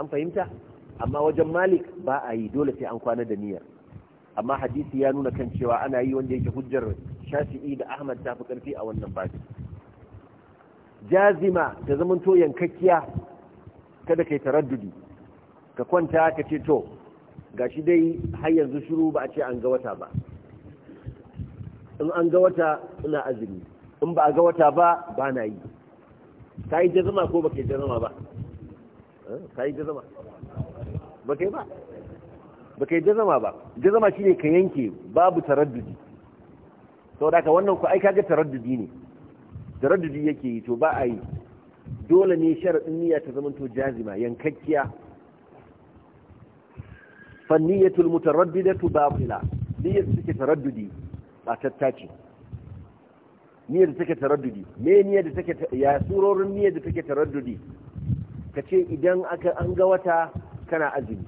an fahimta amma wajen malik ba a yi dole sai an kwana da niyyar amma hadisi ya nuna kan cewa ana yi wanda yake hujjar shafi'i da ahmad ta fi karfi a wannan baki jazima ta zamanto yankakkiya kada kai taraddudi ka kwanta ka ce to gashi dai har yanzu shiru ba a ce an ga wata ba in an ga wata ina azumi in ba a ga wata ba ba na yi ka yi jazama ko ba ka yi jazama ba eh, ka yi jazama ba ka yi ba ba ka yi jazama ba jazama shi ne ka yanke babu taraddudi sau da ka wannan ku aika ga taraddudi ne taraddudi yake yi to ba a yi dole ne sharaɗin niyya ta to jazima yankakkiya fanniyatul mutaraddidatu batila niyyar da take taraddudi ba tattace niyyar da take taraddudi me niyyar da take ya surorin niyyar da take taraddudi kace idan aka an ga wata kana azumi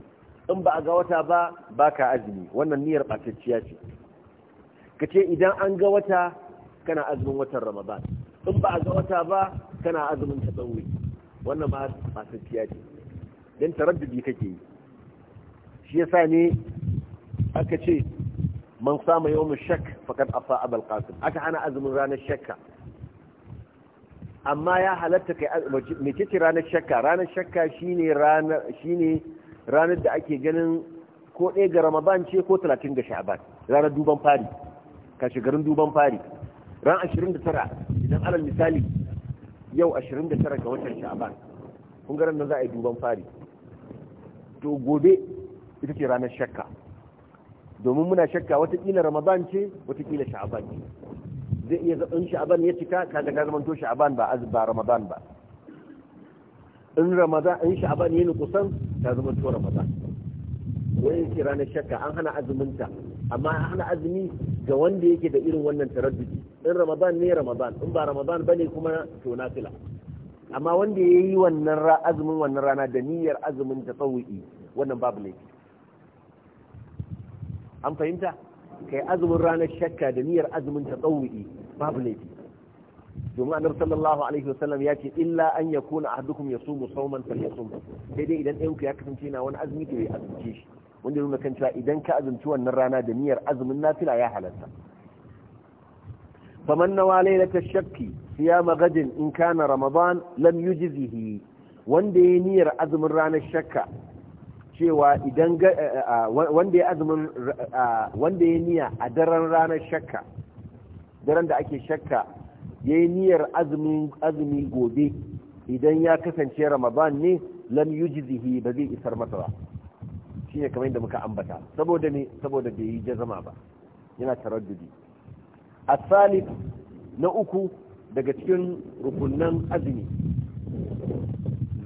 in ba a ga wata ba baka azumi wannan niyyar batacciya ce kace idan an ga wata kana azumin watan ramadan in ba a ga wata ba kana azumin tasawwi wannan ba batacciya ce dan taraddudi kake yi shi yasa ne aka ce man sama yawon shak fakat a abal qasim aka hana azumin ranar shakka amma ya halatta kai mece ce ranar shakka ranar shakka shine ranar shine ranar da ake ganin ko ɗaya ga ramadan ce ko talatin ga sha'aban ranar duban fari ka shigarin duban fari ran 29 idan alal misali yau 29 ga watan sha'aban kun nan za a yi duban fari to gobe ita ce ranar shakka domin muna shakka watakila ramadan ce watakila sha'aban ce zai iya zaɓin sha'aban ya cika daga zaman to sha'aban ba ba ramadan ba in ramadan in sha'aban ya nukusan ta to ramadan wani ce ranar shakka an hana azuminta amma an hana azumi ga wanda yake da irin wannan taraddudi in ramadan ne ramadan in ba ramadan bane kuma to na fila amma wanda ya yi wannan azumin wannan rana da niyyar azumin ta tsawo'i wannan babu laifi an fahimta kai azumin ranar shakka da niyyar azumin ta tsawu'i babu laifi domin annabi sallallahu alaihi wasallam ya ce illa an yakuna ahadukum yasumu sawman falyasum sai dai idan ɗayanku ya kasance na wani azumi to ya azumce shi wanda nuna kan cewa idan ka azumci wannan rana da niyyar azumin nafila ya halatta faman nawa lailata shakki siyama gadin in kana ramadan lam yujzihi wanda ya niyyar azumin ranar shakka cewa idan eh, eh, ah, wanda ya azumin eh, ah, wanda ya niya a daren ranar shakka daren da ake shakka ya yi niyyar azumi gobe idan ya kasance ramadan ne lam yujzihi ba zai isar masa ba shi ne kamar yadda muka ambata saboda ne saboda bai yi jazama ba yana taraddudi asalif na uku daga cikin rukunan azumi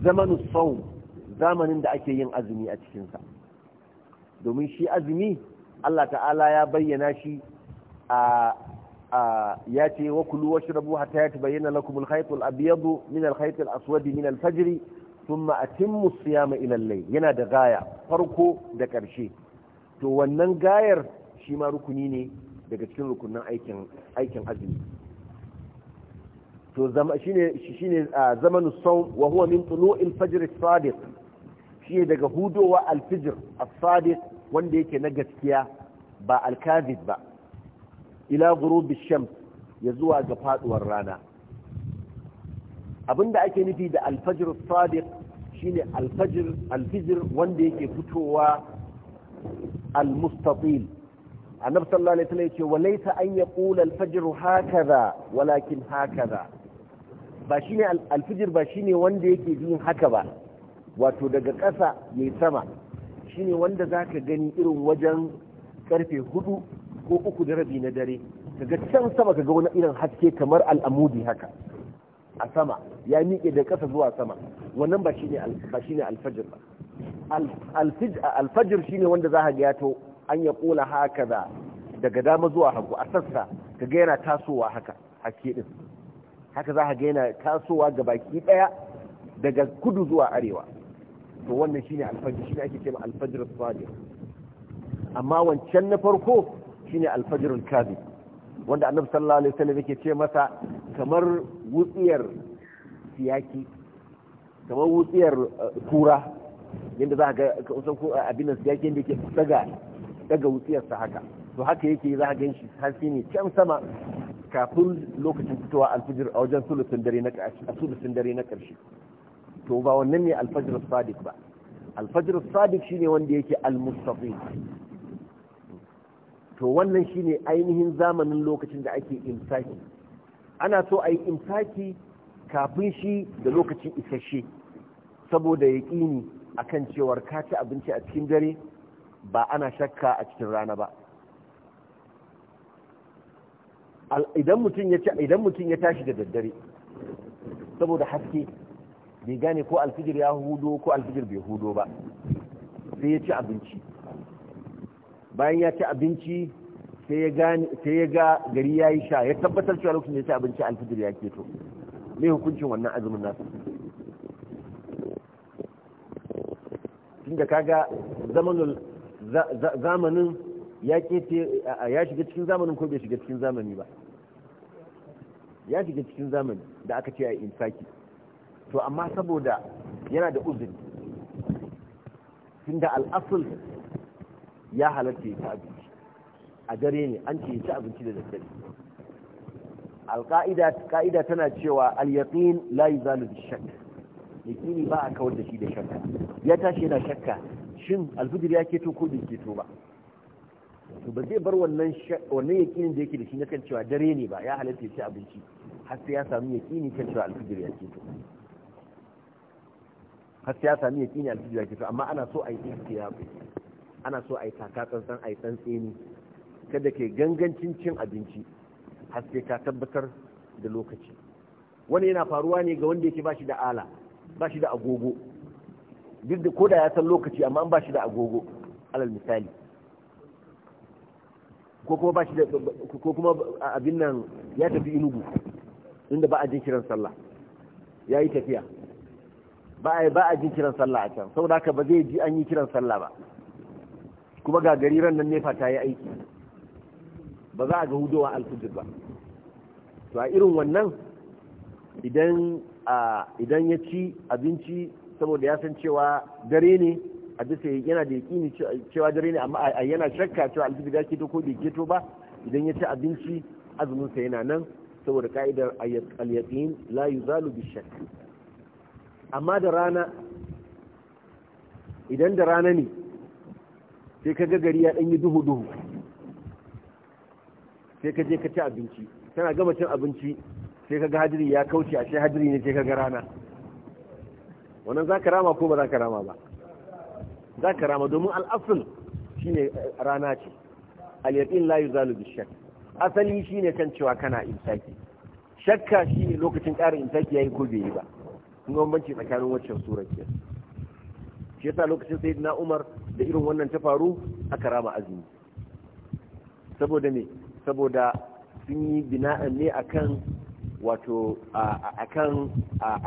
zamanu saum zamanin da ake yin azumi a cikinsa domin shi azumi Allah ta'ala ya bayyana shi a ya ce wa kulu wa shirabu hatta ya ta bayyana al-khayt al-abyad min al-khayt aswadi aswad min al-fajr thumma atimmu siyama yana da gaya farko da karshe to wannan gayar shi ma rukuni ne daga cikin rukunin aikin azumi to zama shine shine zamanu sawm wa huwa min tulu'il fajr as-sadiq shi daga hudowa alfijir as-sadiq wanda yake na gaskiya ba al-kadhib ba ila ghurubi shams ya zuwa ga faduwar rana abinda ake nufi da al-fajr as-sadiq shine al-fajr al-fijr wanda yake fitowa al-mustatil annabi sallallahu alaihi wasallam yace walaysa an yaqula al-fajr hakaza walakin hakaza ba shine al-fajr ba shine wanda yake yin haka ba wato daga ƙasa mai sama shine wanda za ka gani irin wajen ƙarfe hudu ko uku da rabi na dare ga can sama ka ga wani irin haske kamar al'amudi haka a sama ya miƙe da ƙasa zuwa sama wannan ba shi ne alfajir ba alfajir shine wanda za ka ga to an ya haka da daga dama zuwa hagu a sassa ka ga yana tasowa haka haske din haka za ka ga yana tasowa ga baki ɗaya daga kudu zuwa arewa to wannan shine alfajir shine ake cewa alfajir sadiq amma wancan na farko shine alfajir al-kadhib wanda annabi sallallahu alaihi wasallam yake ce masa kamar wutsiyar siyaki kamar wutsiyar eh, kura yadda za ga kusan ko eh, abin siyaki yadda yake daga daga wutsiyar sa haka to haka yake za gan shi har ne can sama kafin lokacin fitowa alfajir a wajen sulusun dare na ƙarshe to ba wannan ne alfajr sadiq ba alfajir sadiq shine wanda yake almustaqim to wannan shine ainihin zamanin lokacin da ake imsaki ana so a yi imsaki kafin shi da lokacin isasshe saboda ya ƙini a kan cewar ka ci abinci a cikin dare ba ana shakka a cikin rana ba idan mutum ya tashi da daddare saboda haske bai gane ko alfijir ya hudo ko alfijir bai hudo ba sai ya ci abinci bayan ya ci abinci sai ya ga gari ya yi sha ya tabbatar cewa lokacin da ya ci abinci alfijir ya keto mai hukuncin wannan azumin nasu tunda kaga zamanin ya kete ya shiga cikin zamanin ko bai shiga cikin zamani ba ya shiga cikin zamani da aka ce a insaki to amma saboda yana da uzuri tunda al'asul ya halatta ya ci abinci a dare ne an ce ya ci abinci da daddare al-ka'ida tana cewa al-yaqin la yuzalu bi-shakk yaqini ba a kawar da shi da shakka ya tashi yana shakka shin alfijir ya keto ko bai keto ba to ba zai bar wannan wannan yaqinin da yake da shi na kan cewa dare ne ba ya halatta ya ci abinci har sai ya samu yaqini kan cewa alfijir ya keto har sai ya sami yaqini alfijir yake to amma ana so a yi ihtiyabi ana so a yi taka tsantsan a yi tsantseni kada ke gangancin cin abinci har sai ka tabbatar da lokaci wani yana faruwa ne ga wanda yake bashi da ala bashi da agogo duk da koda ya san lokaci amma an bashi da agogo alal misali ko kuma bashi da ko kuma abin nan ya tafi inugu inda ba a jin kiran sallah ya yi tafiya ba a yi ba a jin kiran sallah a can sau da haka ba zai ji an yi kiran sallah ba kuma ga gari ran nan nefa ta yi aiki ba za a ga hudowa alfijir ba to a irin wannan idan ya ci abinci saboda ya san cewa dare ne a bisa yana da yakini cewa dare ne amma yana shakka cewa alfijir ya keto ko bai keto ba idan ya ci abinci azumin sa yana nan saboda ka'idar alyaƙin layu la yuzalu amma da rana idan da rana ne sai ka gari ya ɗanyi duhu-duhu sai ka je ka ci abinci tana gama cin abinci sai ka ga hadiri ya kauce a sai hadiri ne sai ka ga rana wannan za ka rama ko ba za ka rama ba za ka rama domin al'afin shi ne eh, rana ce al'yaɗin layu la yuzalu bishak asali shi ne kan cewa kana insaki shakka shi ne lokacin ƙarin insaki ya yi ko bai yi ba kun ga bambanci tsakanin waccan surar ke shi yasa lokacin na Umar da irin wannan ta faru aka rama azumi saboda me saboda sun yi bina'an ne akan wato akan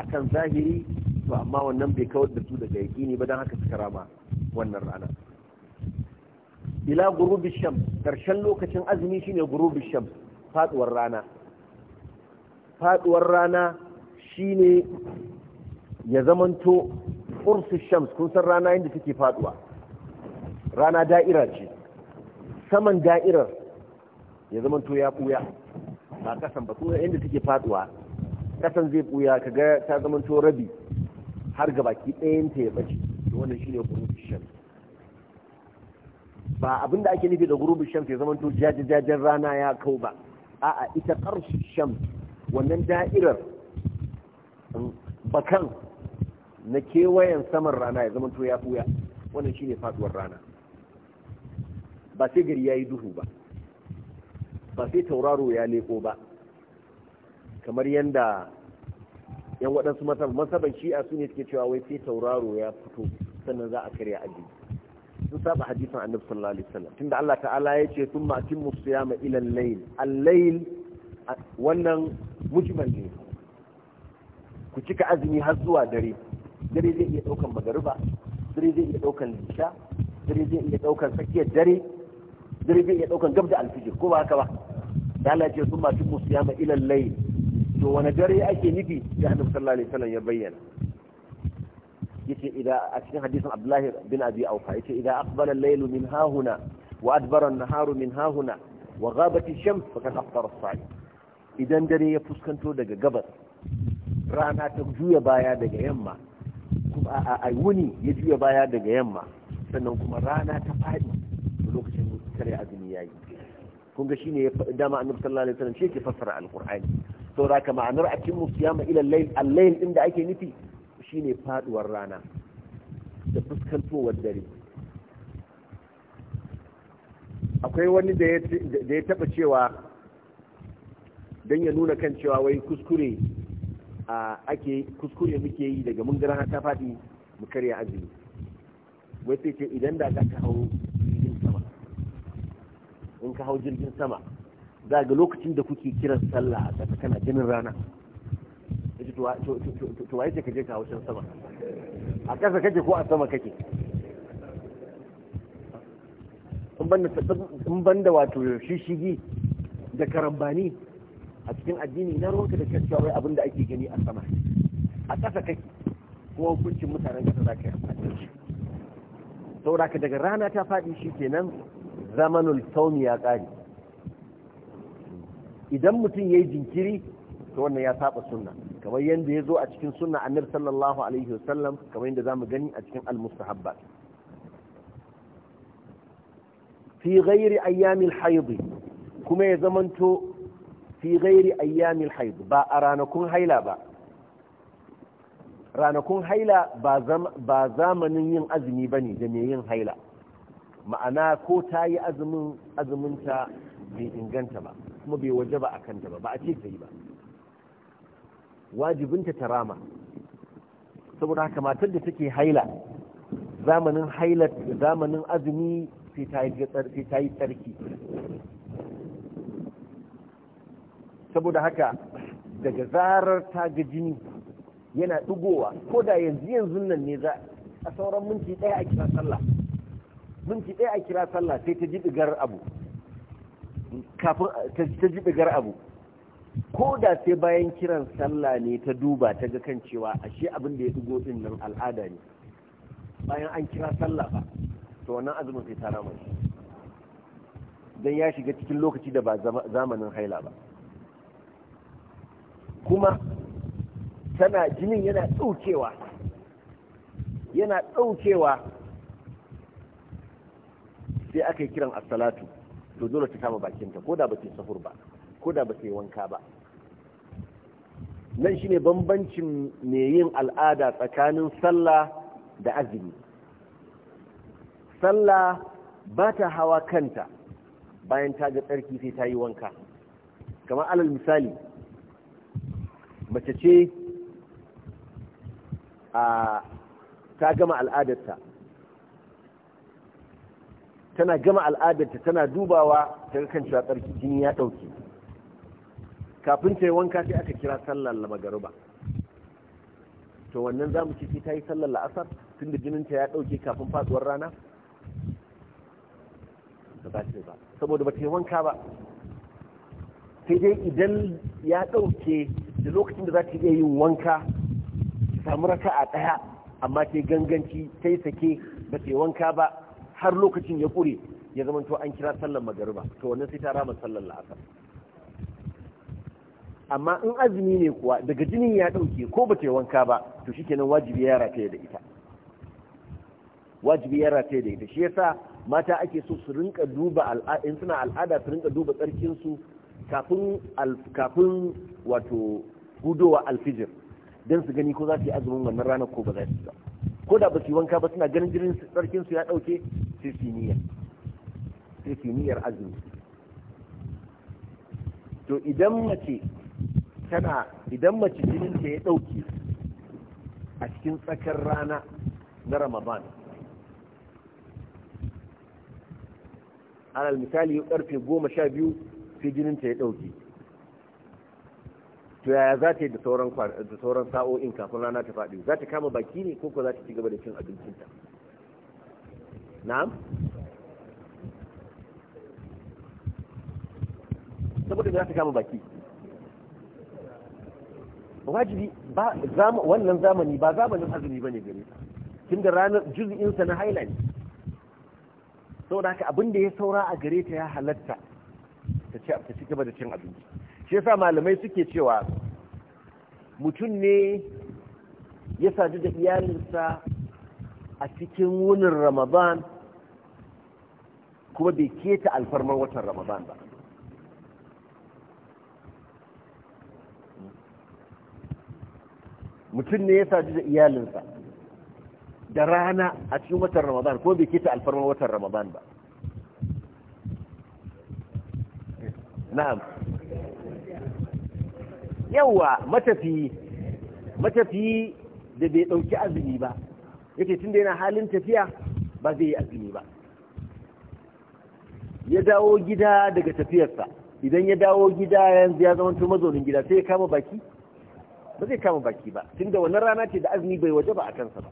akan zahiri to amma wannan bai kawar da su daga ne ba don haka suka rama wannan rana ila gurubi sham karshen lokacin azumi shine gurubi sham faduwar rana faduwar rana shine ya zamanto ursu shams kun san rana yadda take faduwa rana da'ira ce saman da'irar ya zamanto ya buya ba kasan ba kuma yadda take faduwa kasan zai buya ga ta zamanto rabi har ga baki ɗayan ta ya bace wannan shine ursu shams ba abinda ake nufi da gurubin shams ya zamanto jajajajen rana ya kau ba a'a ita ƙarshen shams wannan da'irar bakan na kewayen saman rana ya zama to ya fuya wannan shine faduwar rana ba sai gari ya duhu ba ba sai tauraro ya leko ba kamar yanda yan waɗansu masaban shi'a su ne suke cewa wai sai tauraro ya fito sannan za a karya aji sun saba hadisin annabi sallallahu alaihi wasallam tunda Allah ta'ala ya ce thumma atimmu siyama ila al-layl al-layl wannan mujmal ne ku cika azumi har zuwa dare dare zai iya ɗaukan magariba dare zai iya ɗaukan lisha dare zai iya ɗaukan tsakiyar dare dare zai iya ɗaukan gab da alfijir ko ba haka ba da Allah ce sun masu musu yama ilal layl to wani dare ake nufi ya annabi sallallahu alaihi wasallam ya bayyana yace idan a cikin hadisin Abdullahi bin Abi Aufa yace idan aqbala al-layl min hahuna wa adbara an-naharu min hahuna wa ghabat ash-shams faqad aftara as-sa'i idan dare ya fuskanto daga gabas rana ta juya baya daga yamma kuma a wuni ya juya baya daga yamma sannan kuma rana ta faɗi lokacin kare azumi ya yi kun ga shine dama annabi sallallahu alaihi wasallam shi fassara alqur'ani da ka ma'anar a cikin musyama ila al-layl al-layl din da ake nufi shine faduwar rana da fuskantowar dare akwai wani da ya taɓa cewa dan ya nuna kan cewa wai kuskure ake kuskure muke yi daga mun gara ta faɗi mu karya azumi wai sai ce idan da za ka hau jirgin sama in ka hau jirgin sama za ga lokacin da kuke kiran sallah a ƙasa kana jinin rana yace to waye ce ka je ka hau can sama a ƙasa kake ko a sama kake in ban da wato shishigi da karambani a cikin addini na ruwanka da kyakkyawa wai abin da ake gani a sama a ƙasa kake kuma hukuncin mutanen ƙasa za ka yi amfani da ka daga rana ta faɗi shi kenan zamanul tauni ya ƙare idan mutum ya yi jinkiri to wannan ya saba sunna kamar yadda ya zo a cikin sunna annabi sallallahu alaihi wasallam kamar yadda za mu gani a cikin almustahabbat fi ghairi ayyamil haidi kuma ya zamanto fi gairi ayyamil haid ba a ranakun haila ba ranakun haila ba zamanin yin azumi ba ne da mai yin haila ma'ana ko ta yi azuminta bai inganta ba kuma bai waje ba a kanta ba ba a ce ta yi ba wajibinta ta rama saboda haka matar da take haila zamanin haila zamanin azumi sai ta yi tsarki saboda haka daga zarar ta ga jini yana dugowa ko da yanzu yanzu nan ne za a sauran minti ɗaya a kira sallah minti ɗaya a kira sallah sai ta ji ɗigar abu kafin ta ji ɗigar abu ko da sai bayan kiran sallah ne ta duba ta ga kan cewa ashe abin da ya ɗigo din nan al'ada ne bayan an kira sallah ba to wannan azumin sai ta rama Dan ya shiga cikin lokaci da ba zamanin haila ba kuma tana jinin yana ɗaukewa yana ɗaukewa sai aka yi kiran assalatu to dole ta kama bakinta ko da ba ta safur ba ko da ba ta yi wanka ba nan shine bambancin mai yin al'ada tsakanin sallah da azumi sallah ba ta hawa kanta bayan ta ga tsarki sai ta yi wanka kamar alal misali mace ce a ta gama al'adarta tana gama al'adarta tana dubawa ta kan cewa tsarki jini ya ɗauki. kafin ta yi wanka sai aka kira sallar magaruba to wannan za mu ciki ta yi sallar la'asar tun da jininta ya ɗauke kafin fasuwar rana ba saboda ba ta yi wanka ba sai dai idan ya ɗauke da lokacin da za ta iya yin wanka samu raka a ɗaya amma ta ganganci ta yi sake ba ta wanka ba har lokacin ya ƙure ya zama to an kira sallar magariba to wannan sai ta rama sallar la'asar amma in azumi ne kuwa daga jinin ya ɗauke ko ba ta wanka ba to shikenan wajibi ya rataye da ita wajibi ya rataye da ita shi yasa mata ake so su rinka duba al'ada in suna al'ada su rinka duba tsarkin su kafin wato gudowa alfijir don su gani ko za su yi azumin wannan ranar ko ba za su ba ko da ba su yi wanka ba suna ganin jirin sarkin su ya dauke sai su niyya sai su niyyar azumi to idan mace tana idan mace jirin ta ya dauke a cikin tsakar rana na ramadan alal misali karfe goma sha biyu sai jininta ya ɗauki to yaya za ta yi da sauran sa'o'in kafin rana ta faɗi za ta kama baki ne ko ko za ta ci gaba da cin abincinta na'am saboda za ta kama baki wajibi ba wannan zamani ba zamanin azumi ba ne gare ta tunda ranar juzi'insa na haila ne saboda haka abin da ya saura a gare ta ya halatta ta ci gaba da cin abinci shi yasa malamai suke cewa mutum ne ya sadu da iyalinsa a cikin wunin ramadan kuma bai keta alfarmar watan ramadan ba mutum ne ya sadu da iyalinsa da rana a cikin watan ramadan kuma bai keta alfarmar watan ramadan ba na'am yawa matafiyi matafiyi da bai ɗauki azumi ba yake tunda yana halin tafiya ba zai yi azumi ba ya dawo gida daga tafiyarsa idan ya dawo gida yanzu ya zama mazaunin gida sai ya kama baki ba zai kama baki ba tunda wannan rana ce da azumi bai waje ba a kansa ba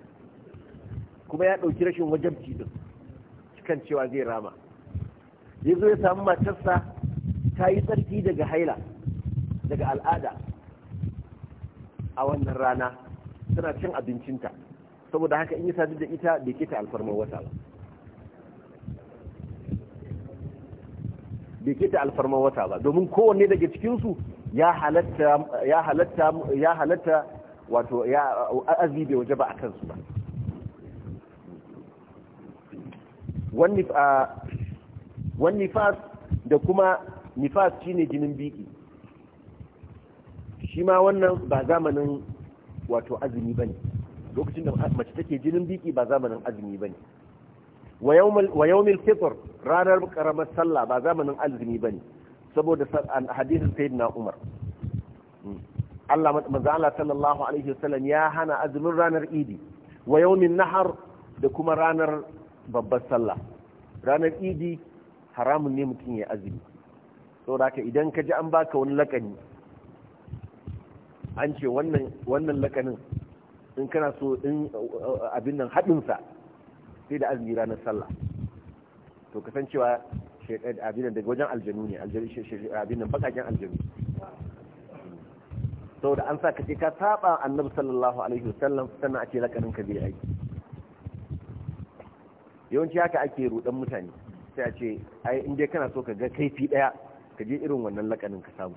kuma ya ɗauki rashin wajabci din cikan cewa zai rama yanzu ya samu matarsa ta yi tsarki daga haila daga al'ada a wannan rana tana cin abincinta saboda haka in yi sadu da ita ke ta alfarmar wata ba ke ta alfarmar wata ba domin kowanne daga cikinsu ya halatta wato ya azi bai waje ba a kansu ba wani fas da kuma nifas shi ne jinin biki shi ma wannan ba zamanin wato azumi ba ne lokacin da mace take jinin biki ba zamanin azumi bane wa yawmil fitr ranar karamar sallah ba zamanin azumi ne saboda hadisin na Umar hmm. Allah manzo sallallahu alaihi wasallam ya hana azumin ranar Idi wa yawmin nahar da kuma ranar babbar sallah ranar Idi haramun ne mutum ya azumi saboda ka idan ka ji an baka wani lakani an ce wannan lakanin in kana so in abin nan haɗinsa sai da azumi ranar sallah to kasancewa abin nan daga wajen aljanu ne abin nan bakakin aljanu da an sa ka ce ka saba annabi sallallahu alaihi wasallam sannan a ce lakanin ka zai aiki yawanci haka ake rudan mutane sai a ce ai in dai kana so ka ga kaifi daya ka je irin wannan lakanin ka samu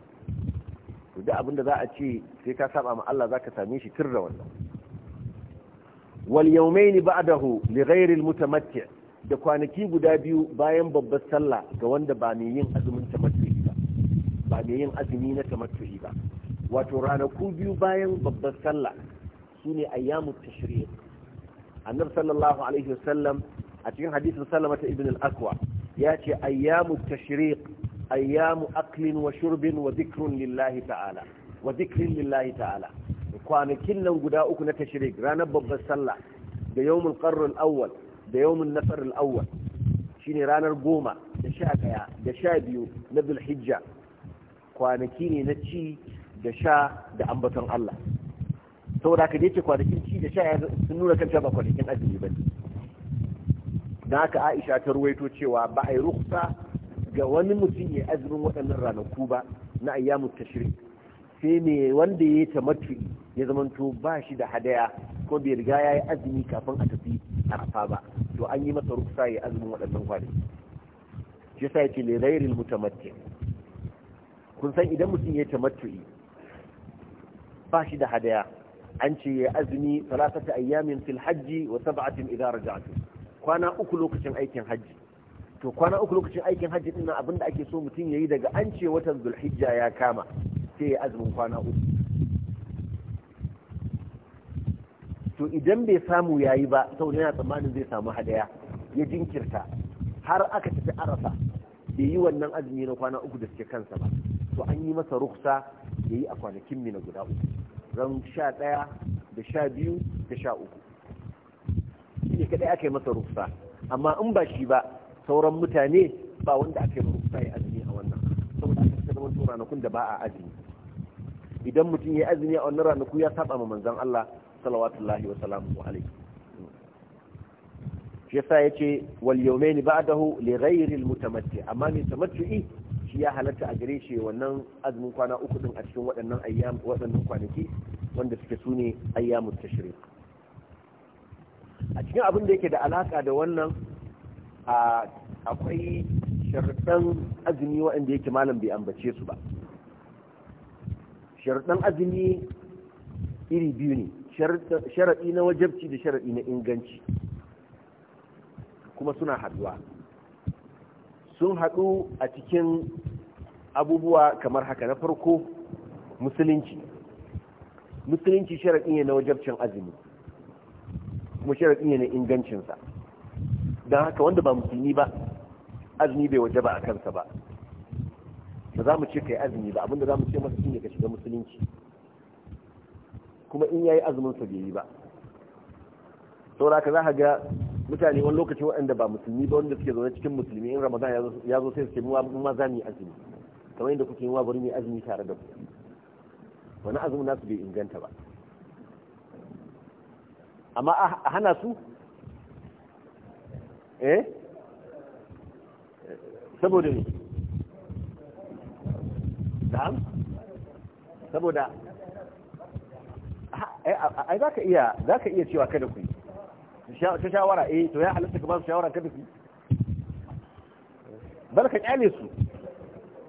to duk abin da za a ce sai ka saba ma Allah zaka same shi tun da wannan wal yawmayn ba'dahu li ghayri al mutamatti da kwanaki guda biyu bayan babbar sallah ga wanda ba mai yin azumin tamattu'i ba ba mai yin azumi na tamattu'i ba wato ranaku biyu bayan babbar sallah shine ayyamut tashriq annab sallallahu alaihi wasallam a cikin hadisin salama ta ibn al-akwa ya ce ayyamu tashriq ayyamu aklin wa shurbin wa zikrun lillahi ta'ala wa zikrin lillahi ta'ala kwanakin nan guda uku na tashrik ranar babbar sallah da yawmul qarr al-awwal da yawmul nasr al-awwal shine ranar goma da sha daya da sha biyu na dhulhijja kwanaki ne na ci da sha da ambaton Allah saboda ka ce kwanakin ci da sha sun nuna kanta ba kwanakin azumi bane da haka Aisha ta ruwaito cewa ba a yi rukhsa ga wani mutum ya azumin waɗannan ranaku ba na ayyamu tashrik sai ne wanda ya ta matu'i ya zamanto ba shi da hadaya ko bai riga ya yi azumi kafin a tafi arafa ba to an yi masa ruksa ya azumin waɗannan kwari shi sa yake le ghairil mutamatti kun san idan mutum ya ta matu'i ba shi da hadaya an ce ya azumi salatata ayyamin fil hajji wa sab'atin idza raja'tu kwana uku lokacin aikin hajji to kwana uku lokacin aikin hajji din nan abinda ake so mutum yayi daga an ce watan zulhijja ya kama sai ya azumin kwana uku to idan bai samu yayi ba saboda yana tsammanin zai samu hadaya ya jinkirta har aka tafi arafa bai yi wannan azumi na kwana uku da suke kansa ba to an yi masa ruksa ya yi a kwanakin mina guda uku ran sha ɗaya da sha biyu da sha uku shi ne kaɗai aka yi masa ruksa amma in ba shi ba sauran mutane ba wanda aka yi musu azumi a wannan saboda aka ce ranakun da ba a azumi idan mutum ya azumi a wannan ranaku ya saba ma manzon Allah sallallahu wa sallamu alaihi shi yasa yace wal yawmain ba'dahu li ghayri al mutamatti amma ni tamattu'i shi ya halatta a gare shi wannan azumin kwana uku din a cikin waɗannan ayyam waɗannan kwanaki wanda suke sune ayyamut tashrik a cikin abin da yake da alaka da wannan akwai sharɗan azumi waɗanda yake malam bai ambace su ba sharɗan azumi iri biyu ne sharaɗi na wajabci da sharaɗi na inganci kuma suna haɗuwa sun haɗu a cikin abubuwa kamar haka na farko musulunci musulunci sharaɗi ne na wajabcin azumi kuma sharaɗi ne na ingancinsa don haka wanda ba musulmi ba azumi bai waje ba a kansa ba ba za mu ce kai azumi ba abinda za mu ce masa shine ka shiga musulunci kuma in yayi azumin sa bai yi ba saboda haka za ka ga mutane wani lokaci waɗanda ba musulmi ba wanda suke zaune cikin musulmi in ramadan ya zo sai su ce mu ma za mu yi azumi kamar yadda kuke yi wa bari mu yi azumi tare da ku wani azumin nasu bai inganta ba amma a hana su eh saboda ne na'am saboda eh, ai za ka iya za ka iya cewa kada ku yi ta shawara eh to ya halitta ka ba su shawara kada ku yi bar ka kyale su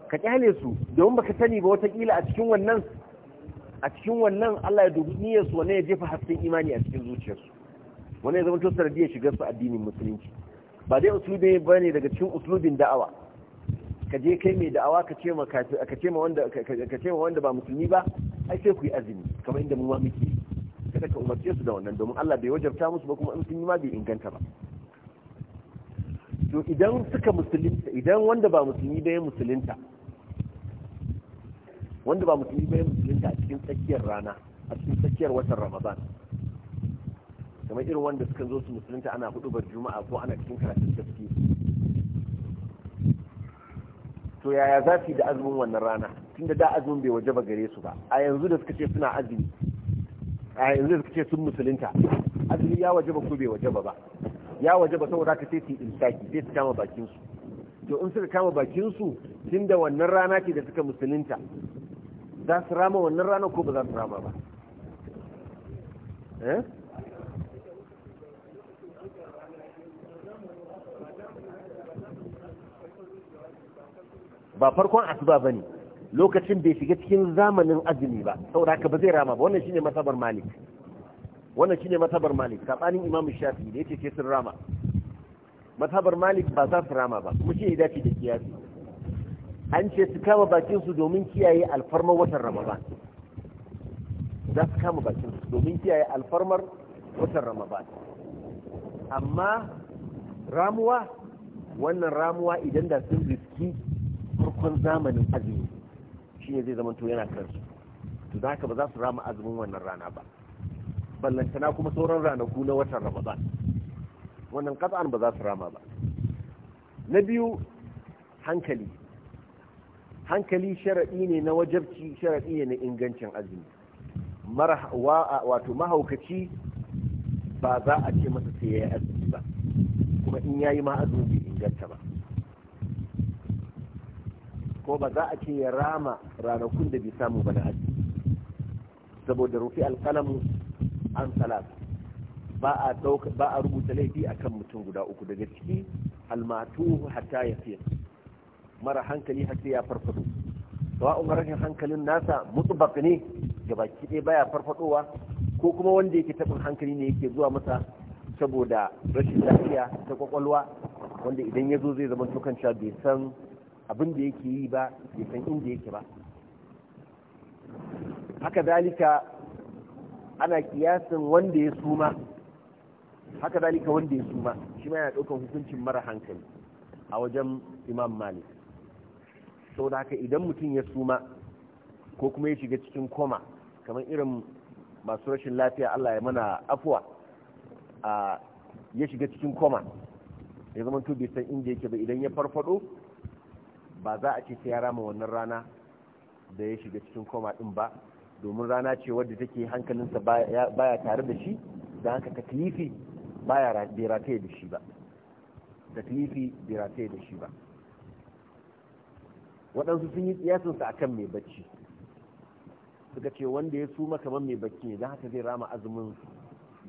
ka kyale su domin baka sani ba watakila a cikin wannan a cikin wannan Allah ya dubi niyyar su wannan ya jefa hasken imani a cikin zuciyarsu wannan ya zama to ya shigar su addinin musulunci ba dai uslubi ba ne daga cikin uslubin da'awa ka je kai mai da'awa ka ce ma ka ce ma wanda ka ce ma wanda ba musulmi ba ai sai ku yi azumi kamar inda mu ma muke kada ka umarce su da wannan domin Allah bai wajabta musu ba kuma in sun yi ma bai inganta ba to idan suka musulunta idan wanda ba musulmi ba ya musulunta wanda ba musulmi ba ya musulunta a cikin tsakiyar rana a cikin tsakiyar watan Ramadan kamar irin wanda suka zo su musulunta ana bar juma'a ko ana cikin karatun tafsir to yaya za su yi da azumin wannan rana tunda da azumin bai waje ba gare su ba a yanzu da suka ce suna azumi a yanzu da suka ce sun musulunta azumi ya waje ba ko bai waje ba ba ya waje ba saboda ka sai su insaki sai su kama bakin su to in suka kama bakin su tunda wannan rana ce da suka musulunta za su rama wannan rana ko ba za su rama ba eh ba farkon asuba bane lokacin bai shiga cikin zamanin azumi ba saboda haka ba zai rama ba wannan shine masabar malik wannan shine matabar malik sabanin imamu shafi da yace ce sun rama matabar malik ba za su rama ba kuma shi ne dace da kiyasi an ce su kama bakin su domin kiyaye alfarmar watan ramadan za su kama bakin su domin kiyaye alfarmar watan ramadan amma ramuwa wannan ramuwa idan da sun riski farkon zamanin azumi shi ne zai zamanto yana kansu to da haka ba za su rama azumin wannan rana ba ballantana kuma sauran ranaku na watan ramadan wannan kat'an ba za su rama ba na biyu hankali hankali sharaɗi ne na wajabci sharaɗi ne na ingancin azumi wato mahaukaci ba za a ce masa sai ya yi azumi ba kuma in ya yi ma azumi bai inganta ba ko ba za a ce ya rama ranakun da bai samu ba na aji saboda rufi alƙalamu an salat ba a rubuta laifi a kan mutum guda uku daga ciki almatu hatta ya fiye mara hankali har ya farfado sawa'un rashin hankalin nasa mutsubak ne ga baki ɗaya baya farfadowa ko kuma wanda yake taɓin hankali ne yake zuwa masa saboda rashin lafiya ta kwakwalwa wanda idan ya zo zai zama tukanta bai san abin da yake yi ba ya san inda yake ba haka dalika ana kiyasin wanda ya suma haka dalika wanda ya suma shi ma yana ɗaukar hukuncin mara hankali a wajen imam malik sau da haka idan mutum ya suma ko kuma ya shiga cikin koma kamar irin masu rashin lafiya allah ya mana afuwa ya shiga cikin koma ya zama to bai san inda yake ba idan ya farfado ba za a ce sai ya rama wannan rana da ya shiga cikin koma din ba domin rana ce wadda take hankalinsa baya tare da shi da haka taklifi baya rataye da shi ba taklifi waɗansu sun yi tsiyasinsa akan mai bacci suka ce wanda ya suma kamar mai bacci ne don haka zai rama azumin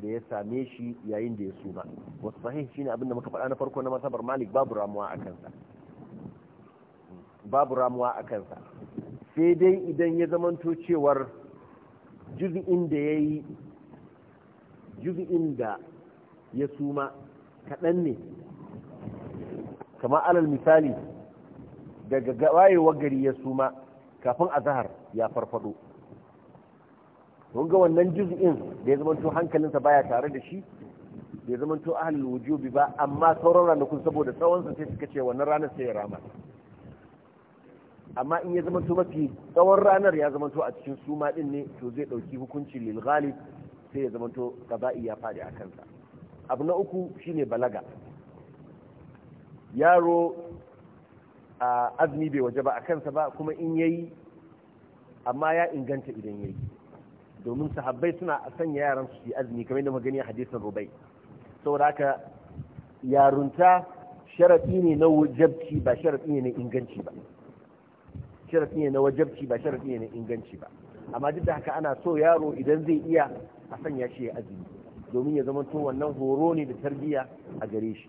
da ya same shi yayin da ya suma wasu sahih shine ne abinda muka faɗa na farko na masabar malik babu ramuwa a kansa babu ramuwa a kansa sai dai idan ya zamanto cewar juzi'in da ya yi juzi'in da ya suma kaɗan ne kamar alal misali daga wayewar gari ya suma kafin a zahar ya farfado ga wannan juzi'in da ya zamanto hankalinsa baya tare da shi da ya zamanto ahalin wujubi ba amma sauran ranakun saboda tsawonsa sai suka ce wannan ranar sai ya rama amma in ya zama to mafi tsawon ranar ya to a cikin suma din ne to zai ɗauki hukunci lil ghalib sai ya to qaba'i ya faɗi a kansa abu na uku shine balaga yaro a azumi bai waje ba a kansa ba kuma in yayi amma ya inganta idan yayi domin sahabbai suna sanya yaran su yi azumi kamar yadda muka gani a hadisin rubai saboda haka yarunta sharaɗi ne na wajabci ba sharaɗi ne na inganci ba sharafi ne na wajabci ba sharafi ne na inganci ba amma duk da haka ana so yaro idan zai iya a sanya shi ya azumi domin ya zama to wannan horo ne da tarbiyya a gare shi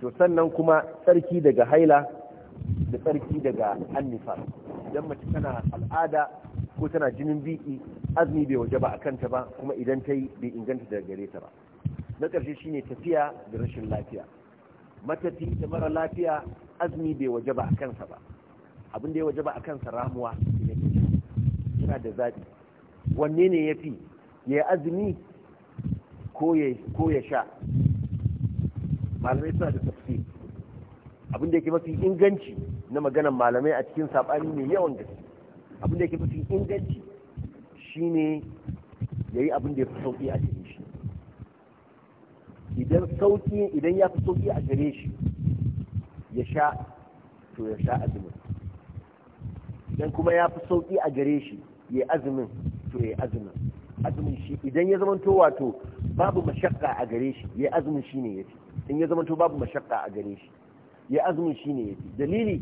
to sannan kuma tsarki daga haila da tsarki daga annifar idan mace tana al'ada ko tana jinin biki azumi bai waje ba a kanta ba kuma idan ta yi bai inganta daga gare ta ba na ƙarshe shine tafiya da rashin lafiya matafi da mara lafiya azumi bai waje ba a kansa ba abin da ya waje ba a kansa ramuwa yana da zaɓi wanne ne ya fi ya yi azumi ko ya sha malamai suna da tafsi. abin da yake mafi inganci na maganan malamai a cikin saɓani mai yawan gaske abin da yake mafi inganci shine ya yi abin da ya fi sauƙi a cikin idan sauki idan ya fi sauki a gare shi ya sha to ya sha azumin idan kuma ya fi sauki a gare shi ya azumin to ya azumin azumin shi idan ya zamanto wato babu mashakka a gare shi ya azumin shi ne ya fi in ya zamanto babu mashakka a gare shi ya azumin shi ne ya fi dalili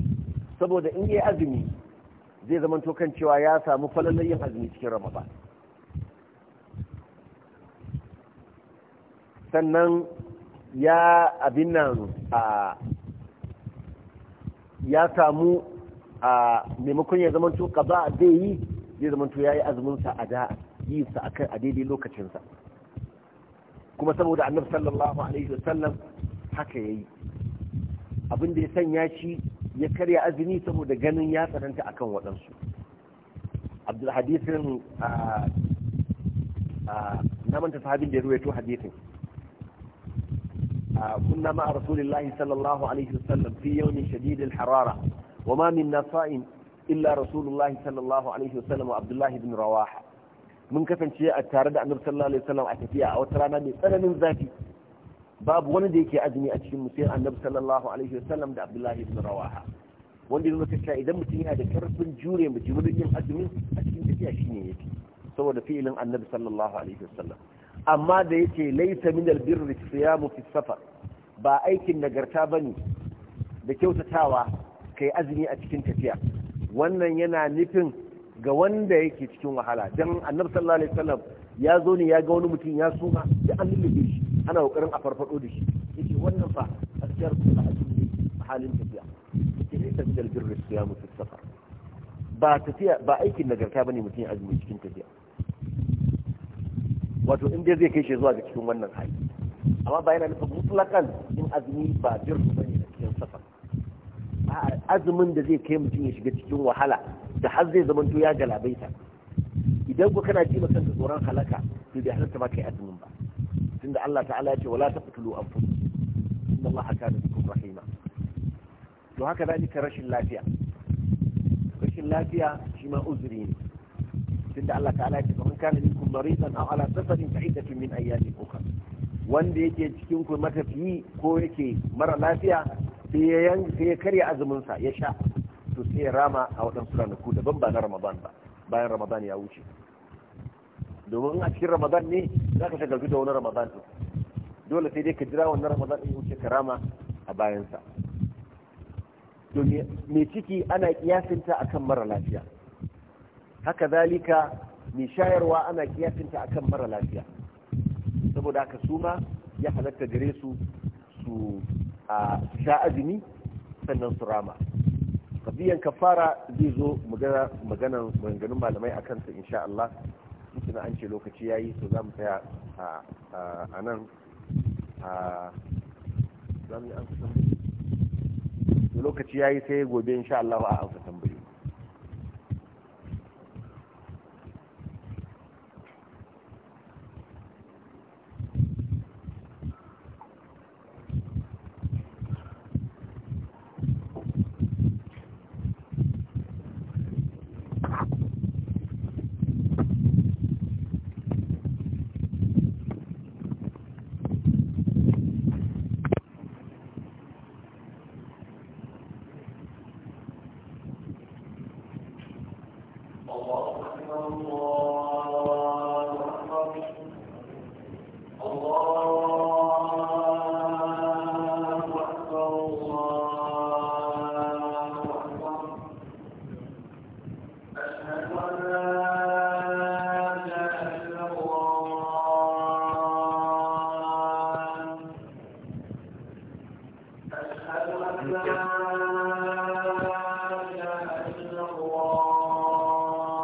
saboda in ya azumi zai zamanto kan cewa ya samu falalar yin azumi cikin ramadan sannan ya abin nan ya samu a maimakon ya zamanto kaza zai yi zai zamanto ya yi azuminsa a da yi sa kan a daidai lokacinsa kuma saboda annabi sallallahu alaihi wasallam haka yayi yi da ya sanya shi ya karya azumi saboda ganin ya tsananta akan waɗansu abdul hadisin na manta sahabin da ya ruwaito hadisin كنا مع رسول الله صلى الله عليه وسلم في يوم شديد الحرارة وما منا صائم إلا رسول الله صلى الله عليه وسلم وعبد الله بن رواحة mun kasance tare da annabi sallallahu alaihi wasallam a tafiya a wata rana mai tsananin zafi babu wani da yake azumi a cikin musayin annabi sallallahu alaihi da abdullahi ibn rawaha wanda yanzu kace idan mutum yana da karfin jure mu jibirin yin azumi a cikin tafiya shine yake saboda fi'ilin annabi sallallahu alaihi wasallam amma da yake laisa min albirri siyamu fi safar ba aikin nagarta bane da kyautatawa kai azumi a cikin tafiya wannan yana nufin ga wanda yake cikin wahala dan annabi sallallahu alaihi wasallam ya zo ne ya ga wani mutum ya suma da an lullube shi ana kokarin a farfado da shi yace wannan fa asiyar ku a a halin tafiya yace laisa min albirri siyamu fi safar ba tafiya ba aikin nagarta bane mutum ya azumi cikin tafiya wato in dai zai kai shi zuwa ga cikin wannan hali amma ba yana nufin mutlakan in azumi ba ba ne da cikin safar azumin da zai kai mutum ya shiga cikin wahala da har zai zama to ya galabaita idan ku kana ji kanka tsoron halaka to bai halatta ma kai azumin ba tunda Allah ta'ala ya ce wala taqtulu anfusakum inna Allah kana bikum rahima to haka ka rashin lafiya rashin lafiya shi ma uzuri ne tunda Allah ta'ala ce man kana minkum maridan aw ala safarin fa min ayyamin ukhra wanda yake cikin ku matafiyi ko yake mara lafiya sai ya yanka sai ya karya azumin sa ya sha to sai ya rama a wadansu ranaku daban ba na Ramadan ba bayan Ramadan ya wuce domin a cikin Ramadan ne zaka shagaltu da wani Ramadan to dole sai dai ka jira wannan Ramadan din ya wuce ka rama a bayansa to me ciki ana kiyasinta akan mara lafiya haka zalika mai shayarwa ana kiyasinta akan mara lafiya saboda haka su ma ya halatta gare su su sha azumi sannan su rama kabiyan kafara zai zo maganan maganganun malamai a kansa insha Allah mutuna an ce lokaci ya yi su za mu tsaya a nan lokaci ya yi sai gobe insha Allah a an tambayi